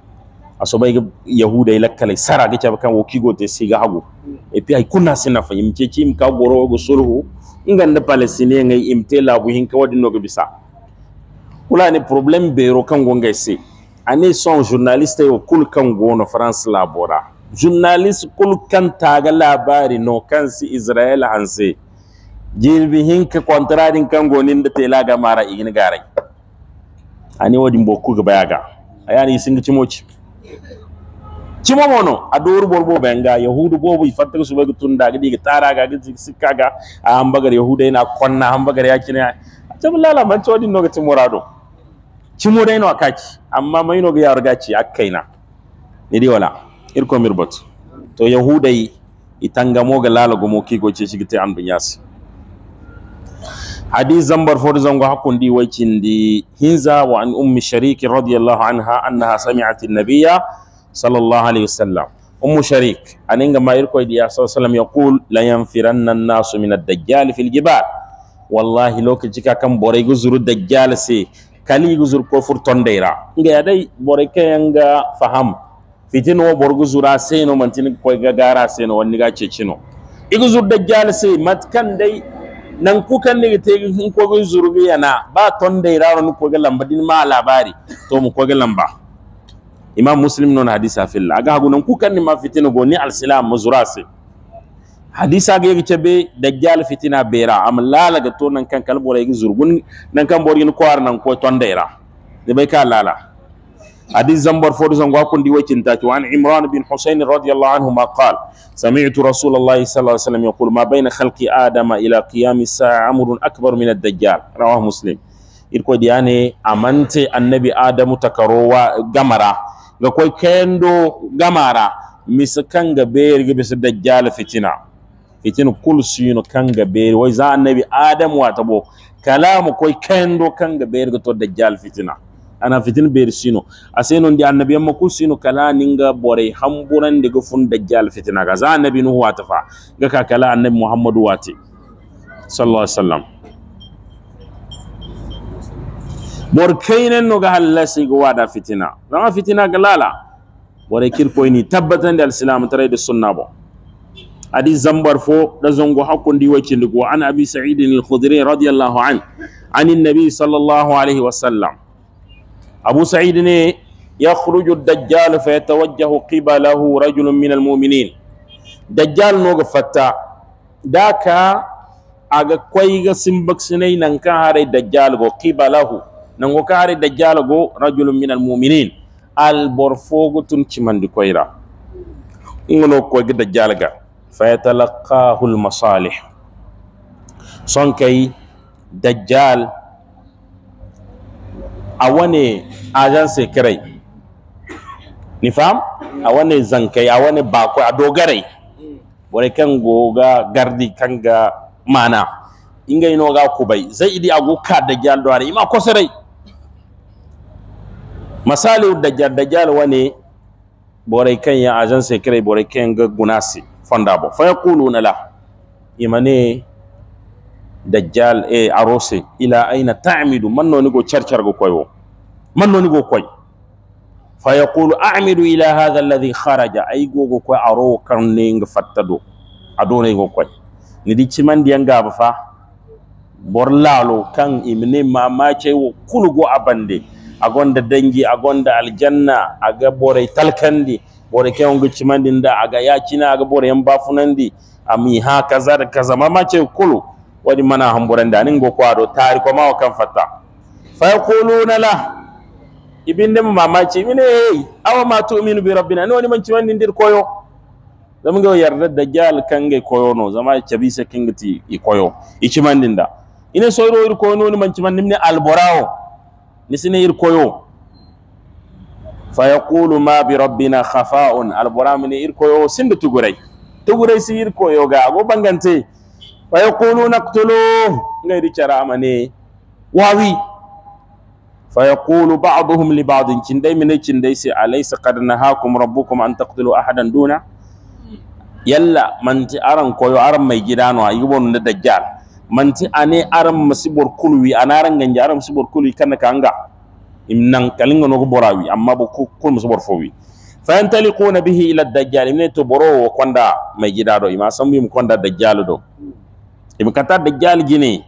a so bai ya lakkalai sara ga cafakan wokigo te siga hago e pi ai kunna sina fa imce ka goro go sulhu da palestine ngai imtela buhin ka wadin no bisa kula ne problem bero kan gonga sai ane son journaliste yo kan gono france labora journaliste kan taga labari no kansi israel hanse jirbi hinka kontradin kan gonin da tela ga mara igin gare ani wadin boku ga bayaga ayani singa cimoci cimo mono a doru borbo benga yahudu bobu ifatta su bai tun da gidi ga tara ga gidi sikka ga a hambagar yahuda yana konna hambagar yakina tabla la man chodin no ga timurado cimo dai no kaci amma mai no ga akai na. ni di wala irko mirbot to yahudai itanga ga lala gomo ki go ce shigite an bunyas hadith zambar for zango hakun di wacin di hinza wa an ummi sharik radiyallahu anha annaha sami'at an-nabiyya sallallahu alaihi wasallam ummu sharik aninga ma irko di ya sallam yaqul la yanfiranna an-nasu min ad-dajjal fil jibal wallahi lokaci ka kan borai guzuru dajjal sai kani guzur ko fur tondeira nga dai bore kayanga faham fitino borgu zura seno mantin ko ga gara seno wani ga cecino iguzur dajjal sai matkan dai nan kukan ne te hin ko ga zurbi yana ba tondeira ron ko ga lamba din ma labari to mu ko ga lamba imam muslim non hadisa fil aga hagu nan kukan ne ma fitino goni al salam muzurase hadisa ga yake be dajjal fitina bera am lala ga to nan kan kalbo la yin zurgun nan kan borin ko ar nan ko ton daira de be ka lala hadis zambar fodu zangwa kun di wakin ta ci imran bin husain radiyallahu anhu ma qal sami'tu rasulullah sallallahu alaihi wasallam yaqul ma bayna khalqi adama ila qiyamis sa'a amrun akbar min ad-dajjal rawah muslim irko diyane amante annabi adamu takarowa gamara ga koy kendo gamara misakan ga beer ga bisa dajjal fitina itin kulsino kan beeri wai za annabi adam wata bo kalamu koi kendo kanga beerigo to dajjal fitina ana fitin beeri sino aseno ndi annabi yamma kulsino kala ninga bore hamburan de fun dajjal fitina ga za annabi nuhu wata fa ga ka kala annabi muhammadu wati sallallahu alaihi wasallam bor kaynen no ga halasi go wada fitina zama fitina ga lala bore kirkoyni tabbatan da al-islam tare da sunna bo adi zambar fo da zongo hakundi wakin wa an abi sa'id al-khudri radiyallahu an an nabi sallallahu alaihi wasallam abu sa'id ne يخرج الدجال فيتوجه قبله رجل من المؤمنين دجال نوغ فتا داكا aga kwaiga simbaksinai nan kan hare dajjal go qibalahu nan go kan hare dajjal go rajulun minal mu'minin al borfogo tun cimandi ko fayatalaqahu al-masalih son kai dajjal a wane ajan sekirai ni fam a wane zankai a wane bako a dogarai wani kan goga gardi kan ga mana inga ino ga kubai zai idi agu ka dajjal dore ima kosirai misali dajjal dajjal wani borai kan ya ajan sekirai borai kan ga gunasi fondable fa yaquluna la imane dajjal e arose ila aina ta'midu man noni go go koyo man noni go koy fa yaqulu a'midu ila hadha alladhi kharaja ay go ko aro karne nga fattado adone go koy ni di ciman nga ba fa bor lalo kan imne ce wo kulugo abande agonda dangi agonda aljanna aga borai talkandi bore ke ungu chimandi nda aga ya china aga bore yamba funandi ami ha kaza kaza mama ce kulu wadi mana hamburanda nin go kwado tari ko ma kan fatta fa yaquluna la ibinde mama ce mine awa matu tu'minu bi rabbina ni wani man chimandi ndir koyo zamu ga yarda dajjal kange koyo no zama chabise kingati i koyo i chimandi nda ine soiro ir koyo no ni man chimandi mine alborao nisine sine ir koyo fayaqulu ma bi rabbina khafa'un alboramini yo sindu tugurai tugurai si ga go bangante naqtulu ktulu di cara amane wawi fayaqulu ba'dhum li badin cindai mine cindai si alaysa qad nahakum rabbukum an taqtulu ahadan duna yalla manti aran koyo aran mai gidano ayi da dajjal manti ane aran masibor kulwi anaran ganje aran masibor kulwi kanaka anga imnan kalin no borawi amma bo ko musu borfowi na bihi ila dajjal ne to boro wo konda mai gida do ima san mu konda dajjal do im kata dajjal gine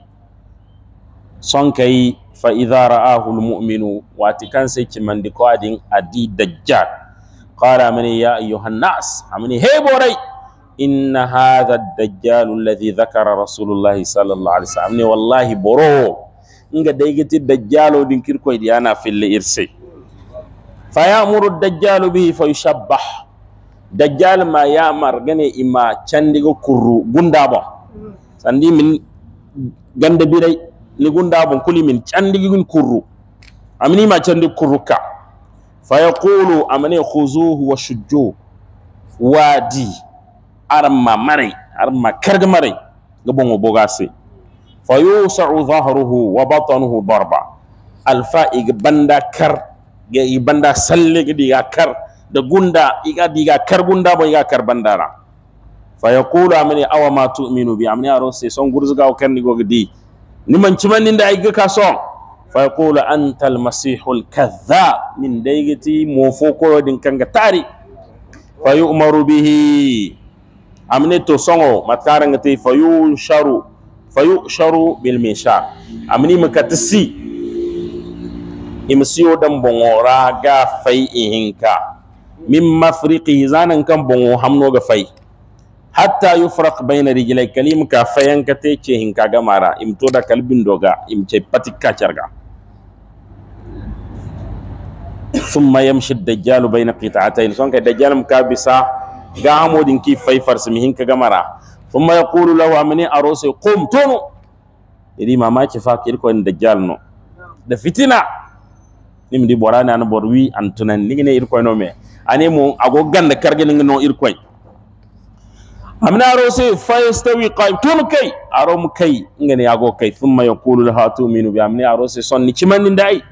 son kai fa idha ra'ahu mu'minu wa tikan sai ki mandi ko adin adi dajjal qala mani ya ayyuhan nas amani hey borai inna hadha ad-dajjal alladhi dhakara rasulullahi sallallahu alaihi wasallam ne wallahi boro nga daygiti dajjalo din kirkoy na fili irse fayamuru dajjalu bihi yushabbah dajjal ma yamar gane ima candigo kurru ba sandi min ganda dai ni bon kuli min candigin kurru amini ma candi fa yaqulu amani khuzuhu wa shujju wadi arma marai arma karga marai gabon obogase fayusa dhahruhu wa batanuhu barba alfa iga banda kar ya i banda salle diga kar da gunda iga diga kar gunda ba iga kar bandara yaqulu amani awa ma tu'minu bi amani aro se son gurzga kan ni gogdi ni man ci manin da iga ka son yaqulu anta almasihul kadha min dai giti, mo ko din ga tari Fa yu'maru bihi amani to songo mataranga fa fayusharu Fayu, fayusharu bil misha amni makatisi imsiyo dan bongora ga fai ihinka min mafriqi zanan kan bongo hamno ga fai hatta yufraq bayna rijlai kalim ka fayan ka te ce hinka ga mara imto da kalbin doga imce patikka charga thumma yamshi ad-dajjal bayna qita'atayn son kai dajjal ka bisa ga hamodin ki fai farsimi hinka ga mara thumma yaqulu lahu amini arose qum tunu idi mamaki fa kir ko da jalno da fitina nim di borani an borwi an tunan nigne ir ko no me ani mu ago ganda kargin no ir ko amina arose fa yastawi qaim tunu kai aro mu kai ngene ago kai thumma yaqulu lahu tuminu bi amini arose sonni cimanni dai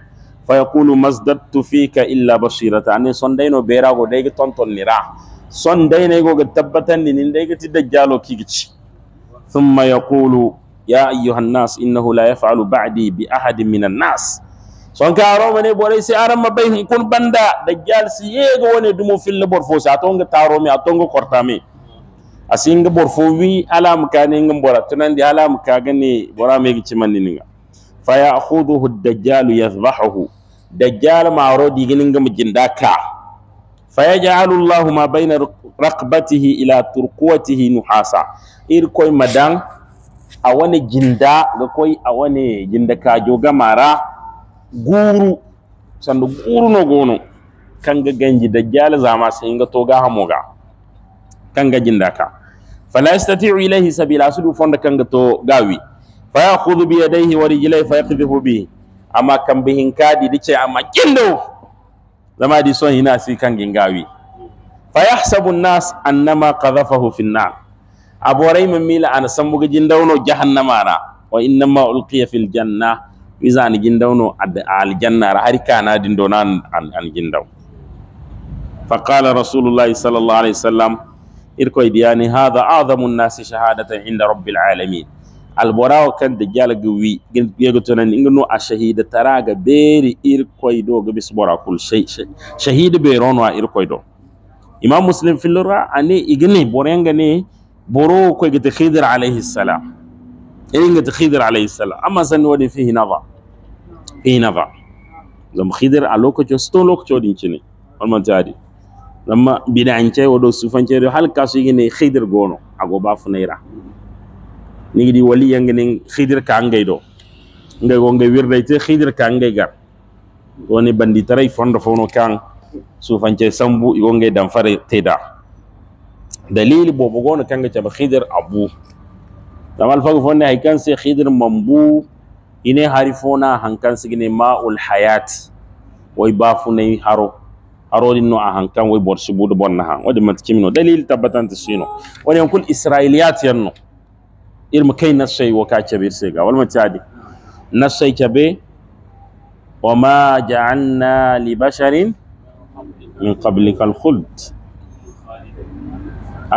fa yaqulu masdadtu fika illa basirata ani son dai no berago dai ton ton nira son tabbatar ga ne dai daygati dajjalo kigici sun ma ya ayuha nnas hula ya fa'alu badi bi ahadin min a sonka ne boray sai aranma bay bai kun banda dajjal si ga wani dumo filla na fo si a tonga tarome a tonga A asinga ga borfo wi ne kane ngam bora tonandi alama gane bora ni cimandininga fa ya yahuduhu dajjalu yadbahuhu dajjal maro diginingama jinda ka fayaj'alu Allahu ma baina raqbatihi ila turquwatihi nuhasa ir koy madan a wani jinda ga koy a wani jinda ka joga mara guru sandu guru no gono kanga ganji dajjal zama sai ga to ga hamoga kanga jinda ka fala yastati'u ilayhi sabila sudu fonda kanga to gawi fa ya'khudhu bi yadayhi wa rijlayhi fa yaqdhifu bihi amma kan bihin kadi dice amma jindo zama di son hina si kan gingawi fayahsabu an-nas annama qadhafahu fi an-nar aborai min mila an san buga jindawno jahannama ra wa innama ulqiya fil janna izani jindawno al janna ra har kana an jindaw faqala rasulullah sallallahu alaihi wasallam irko idiyani hadha a'zamu an-nas shahadatan inda rabbil alamin alborao kan da gyal wi ga tunan inga ingno a shahida taraga beri ir koido ga bisbora kul shay shay shahida be rono a ir koido imam muslim filura ane igine borenga ne boro ko ga khidir alayhi salam ingi ta khidir alayhi salam amma san wadi fihi nadha fihi nadha zam khidir a lokacin sto lokacin din cine wannan tadi lamma bid'ance sufan sufance hal kasu igine khidir gono agoba funaira ni ngi di wali yang ni xidir ka ngay do ngay go ngay day te xidir ka ngay gar woni bandi taray fondo fono kan su fanche sambu igo ngay dam fare teda dalil bobo gono kanga ca khidir abu tamal fago fonne hay kan se khidir mambu ine harifona hankan sigine ma'ul hayat way ne haro din no ahan kan way bor subudu bonna han wadi mat kimino dalil tabatan tsino wani kul israiliyat yanno irma kai nasai wa ka cabe sai ga wal mutadi nasai cabe wa ma ja'alna li basharin min qablikal khuld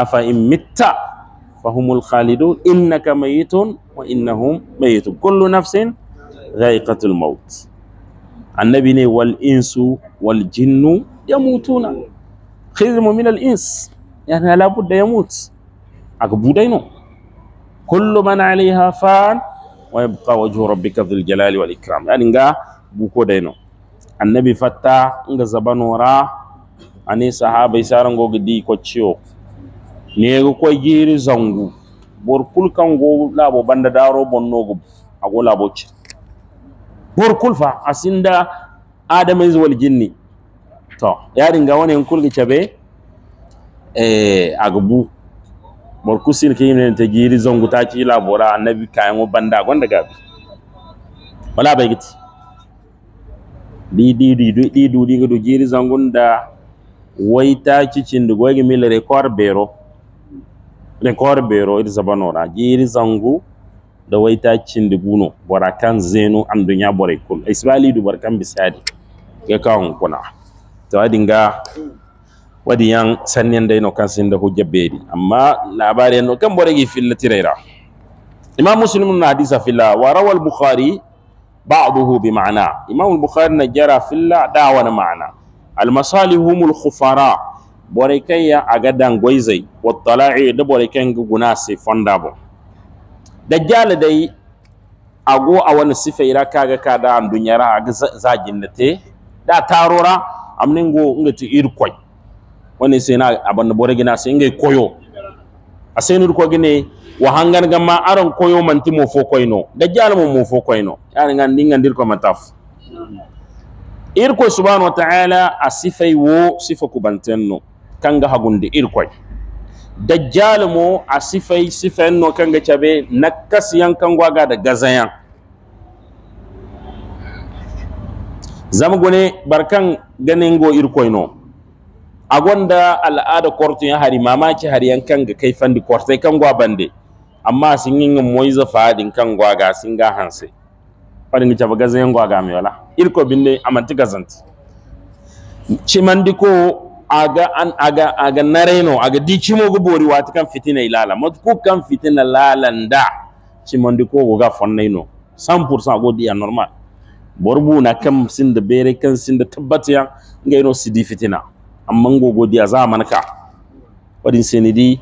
afa in mitta humul khalidu innaka mayitun wa innahum mayitun kullu nafsin dha'iqatul maut annabi ne wal insu wal jinnu yamutuna khizmu min al ins yani la budda yamut ak budaino kullu man alaiha fan wa yabqa wajhu rabbika dhul jalali wal ikram yani nga buko dayno annabi fatta nga zabanora ani sahaba isaran go gidi ko ciyo ne go ko giri zangu bor kul kan go labo banda daro bonno go ago labo ci bor kul fa asinda adam iz wal jinni to yarin ga wani kulgi cabe eh agbu morkusin ke yin ta giri zongu ta ci labora annabi kayan banda gonda gabi wala bai giti di di di di di du di gudu giri zongun da wai ta ci cin da gogi mil record bero record bero ita sabanora giri zangu da wai ta cin da guno barakan kan zeno am dunya bore kul isbali du barkan bisadi ga kawun kuna to adinga wadi yang sannen dayno kansinda hujja beedi amma labari en kam boregi fillatireyra imam muslim na hadisa filla wa rawa al-bukhari بعضه بمعنى إمام البخاري نجرى في الله دعوانا معنا المصالح هم الخفراء بوريكيا أغدان غويزي والطلاعي دبوريكين غناسي فندابو دجال دي أغو أوان السفة إراكا غكادا عن دنيا را أغزاجين نتي دا تارورا أمنين غو نتي إيركوي wani sai na da bore gina sai ngai koyo A asenur ko gine wa hangar gamma aron koyo manti mo fo koyno dajjal mo mofo fo koyno yani ngan dingan dirko mataf irko subhanahu wa ta'ala sifai wo sifa bantenno kanga hagunde irkoy dajjal sifai sifai sifenno kanga chabe nakasiyan kangwaga da gazayan zamgune barkan ganin go irkoino A gwanda al'ada kortu ya hari mamaki hari yan kan ga kai fandi kortai kan gwa bande amma sun yin moyi za fadin kan gwa ga sun ga hanse fadin ga baga zan gwa ga wala irko binne amanti gazanti mandi ko aga an aga aga nareno aga dicimo mogu bori wata kan fitina ilala ko kan fitina lalanda mandi ko go ga fonnaino 100% go dia normal borbu na sin sinda bere kan sinda tabbatiya ngaino sidi fitina amman gogodiya za manka wadin senidi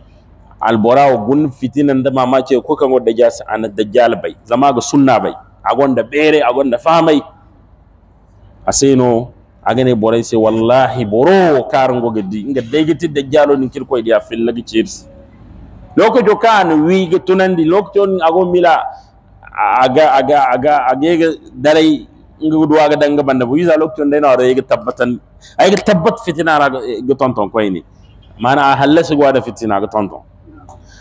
alborawo gun fitinan da mamace ko kan wadda ja an dajjal bai zama ga sunna bai agonda bere agonda famai A a gane borai sai wallahi boro karin gogodi inga daigiti dajjalo nin kirkoi dia fillagi chips lokaco kan wi ga tunandi lokacin agon mila aga aga aga aga darai ngudwaga danga banda bu isa lokto ndena ro yega tabbatan ay tabbat fitina ara ga tonton ko ini mana a halle su gwada fitina ga tonton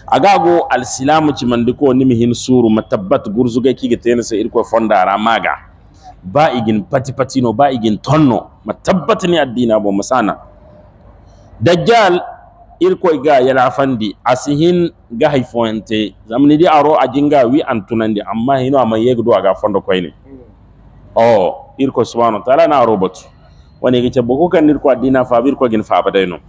aga go al silamu ci mandi ko nimi hin suru matabbat gurzuga ki ga tena sai irko fonda ra maga ba igin pati patino ba igin tonno matabbat ni addina bo masana dajjal irko ga yala fandi asihin ga haifoyante zamani di aro ajinga wi antunandi amma hino amma yegdo aga fondo ko ini oh irko subhanahu wa ta'ala na robatu wani gice boko kan irko adina fa birko gin fa no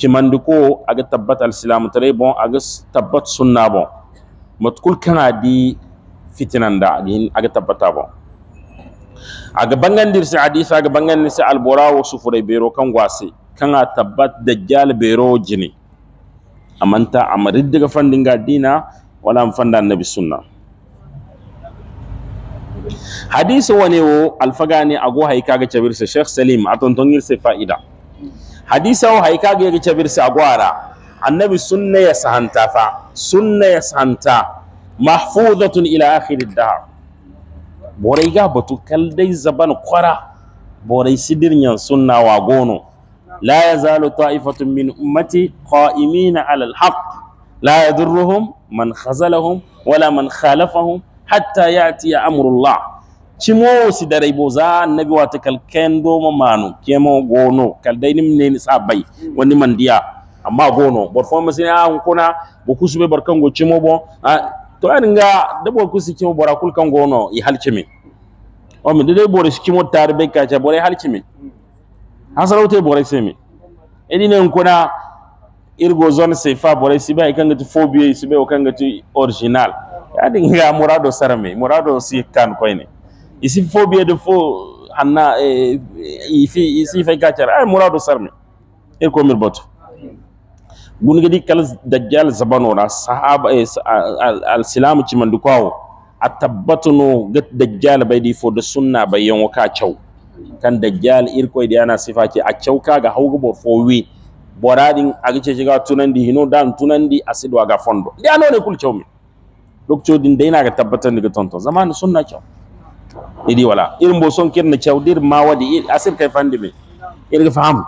cimandu ko aga tabbat al-islam tare bon aga tabbat sunna bon matkul kana di fitinan da din aga tabbata bon aga bangan si hadisa aga bangandir si albora wa sufure bero kan gwase kan a tabbat dajjal bero jini amanta amarid daga fandinga dina wala am fanda annabi sunna hadisi wane wo a ago Haika, ga cabirsa Sheikh, salim a ton yirse fa'ida Hadisa wo Haika, ga yega cabirsa ago gwara annabi sunna ya sahanta fa sunna ya sahanta mahfudatun ila akhirin da borai ga batu kaldai zaban kwara boray sidirnyan sunna wa gono la yazalu ta'ifatun min ummati qa'imina ala alhaq la yadurruhum man khazalahum wala man khalafahum hatta yatiya amrullah cimo si da bo za annabi wata kalken doma manu kemo gono kal daynim ne ni sabai wani mandiya amma gono bor fo masina an kuna bo kusube barkan go cimo bo to an ga da bor kusi kimo bora kul kan gono i halkimin o mi dai bor si kimo tarbe ka ja bor an hasaraute bor semi edine an kuna irgo zone sefa bor si ba ikanga to phobia si ba kanga to original yaadi nga murado sarame murado si kan koyne isi fo de fo hanna e, e, ifi isi fay gacar ay murado sarame e ko mir boto gun gadi kal dajjal na sahaba e, al silam ci man dukawo a tabbatano ga dajjal bai di fo da sunna bai yon ka chaw kan dajjal irko da yana sifa ce a ka ga hawgo bo fo wi boradin agi gice shiga tunandi hino dan tunandi asidwa ga fondo da no ne kul cau mi lokacin da yana ga tabbatar daga tonton zamanu suna kyau idi wala irin boson kirna kyau dir ma wadi asir kai fandi me irin fahamu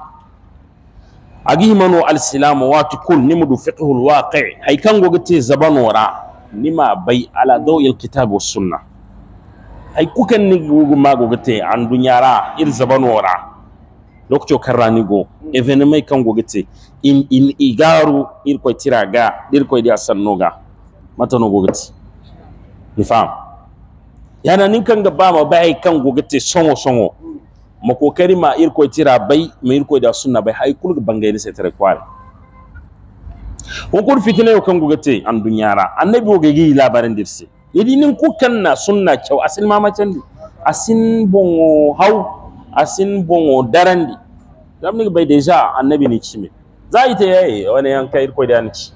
agi manu al silamu wa tukun nimudu fiqhu al waqi kan go te zaban wara nima bai ala dawi al kitab was sunna kukan ni gugu ma go te an dunyara ir zaban wara lokacin karrani go mai kan go te in igaru ir ko tiraga dir ko di noga matano gogati mi fam yana nin kan gaba ma bai kan gogati songo songo ma kokari ma irko tira bai ma irko da sunna bai hay kulga bangai ne sai tare kwal hukun fitina yau kan gogati an dunyara annabi gogegi labarin dirsi yadi nin kukan na sunna kyau asin mamacin asin bongo hau asin bongo darandi zamni bai deja annabi ne cime za ita yayi wani yankai irko da ni ci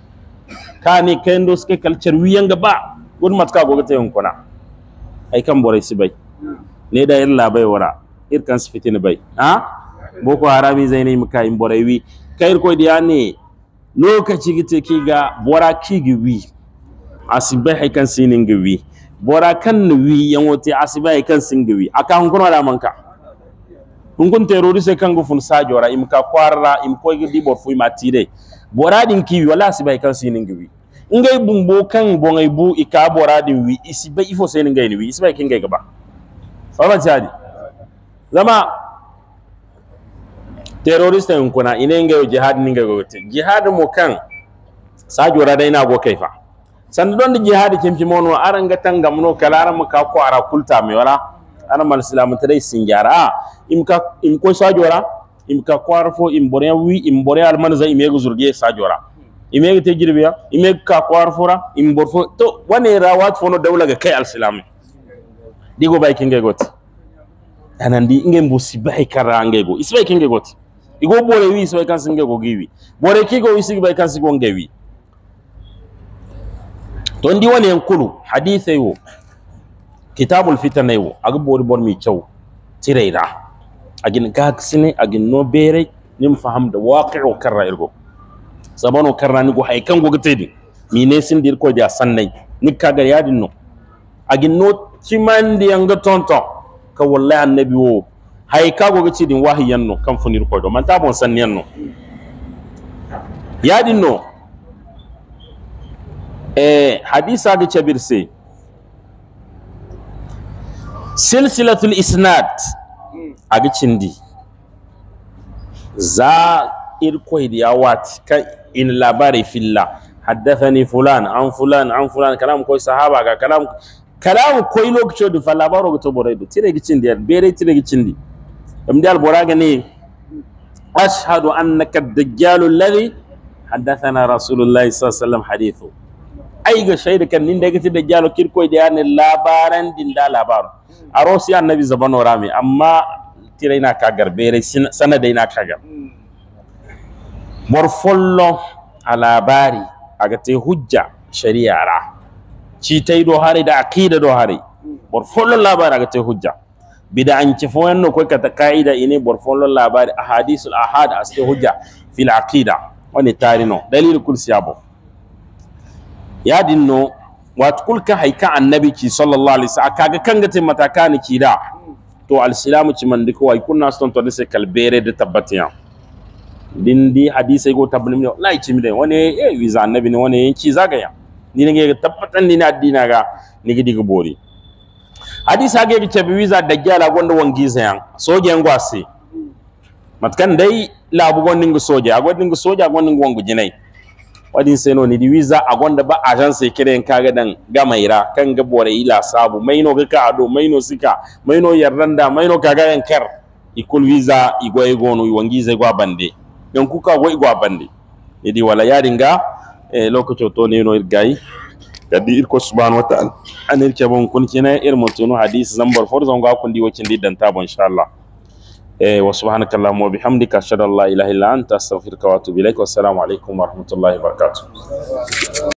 kani kendo suke kalcar wiyan ba wani matuka goga ta yankuna ai kan borai su bai ne da yin labai wara irkan su fitin bai ha boko harami zai ne muka yin borai wi kai ko diya ne lokaci gita ki ga bora ki giwi asibai haikan sinin giwi bora kan ni wi yan wote asibai haikan sin giwi aka hankuna da manka hunkun terrorist kan gufun sajora imka kwarra imko gidi borfu imatire boradin kiwi wala si bay kan sinin giwi ngay bumbo kan bongay bu ika boradin wi isi bay ifo sinin ngay ni wi isi bay kin ngay gaba fama jadi zama terrorist en kuna ine ngay jihad ni ngay gote jihad mo kan sajo rada ina go kaifa san don di jihad kin ki mono aranga tanga mono kalara mu ka ko ara kulta mi wala ana mal islam tare sin jara ah, im ka im ko sajo ra im ka kwar fo im bore wi im bore al man za imegu zurge sajora imegu te jirbiya imegu ka kwar ra im bor fo to wane rawat fo no dawla ga kai al islam digo bay kinge got anandi inge mbusi bay karange go isbay kinge got igo bore wi isbay kan singe go giwi bore ki go isig bay kan singo ngewi to ndi wane yankulu hadithe yo kitabul fitna yo agbori bor mi chaw tireira agin gag sine agin no bere nim faham da o karra irgo zabano o ni go hay kan go gitedi mi ne sin dir ko ja sannai ni kaga yadin no agin no cimandi yanga tonton ka wallahi annabi wo hay ka go gici din kan funir ko do man ta bon sanni yanno yadin no eh hadisa ga cebirse silsilatul isnad agi cindi za irkoi da wati ka in labari filla haddathani fulan an fulan an fulan kalam koi sahaba ga kalam kalam koi lokacin da fa labaro go to boraydu tiregi cindi da bere ga cindi ɗum de alboraga ni ashhadu annaka dajjalu alladi haddathana rasulullahi sa sallam hadithu ai ga shaida kan nin da gati da jalo kirkoi da ne labaran din da labaro a rosiya annabi zabanora rami amma tirayna kagar beeray ina kagar mor a labari aga te hujja sharia ra ta ɗo hari da aqida ɗo hari, mor labari aga te hujja bida an ci yanno ko ka ta kaida ine morfollo follo labari ahadisul ahad aste hujja fil aqida wani tarino dalil kul siyabo yadin no wata kulka haika annabi ki sallallahu alaihi wasallam kaga kan gatin matakani ki da to alisilamu cimandi ko ay kunna sontone sai kal da tabbatiyan ndin ndi hadise go ne wallahi ci mide wone e eh, wisa annabi ne wone ni cisagaya ndinegege tabbatan ndine addinaga nigi digi boori hadise agege ceebe wisa dajjala gonde wongisayan sojeyan go asi mat kan ndey laabu gondingo soja a gondingo soja a gondingo wongo jinai. wadin sai no ni diwiza agonda ba agence kiren kaga dan gamaira kan ga bore ila sabu maino ga ka ado maino sika maino yarranda maino kaga yan ker ikul visa igwa igonu iwangiza igwa bande yan kuka go igwa bande idi wala yaringa e eh, lokaco to ne no irgai kadi irko subhanahu wataala anil kabon kun kina irmo tuno hadis zambar forzon ga kun di wakin di dan tabo inshallah Eh, wa subhanaka allahumma wa bihamdika ashhadu an la ilaha illa anta astaghfiruka wa atubu ilaik alaikum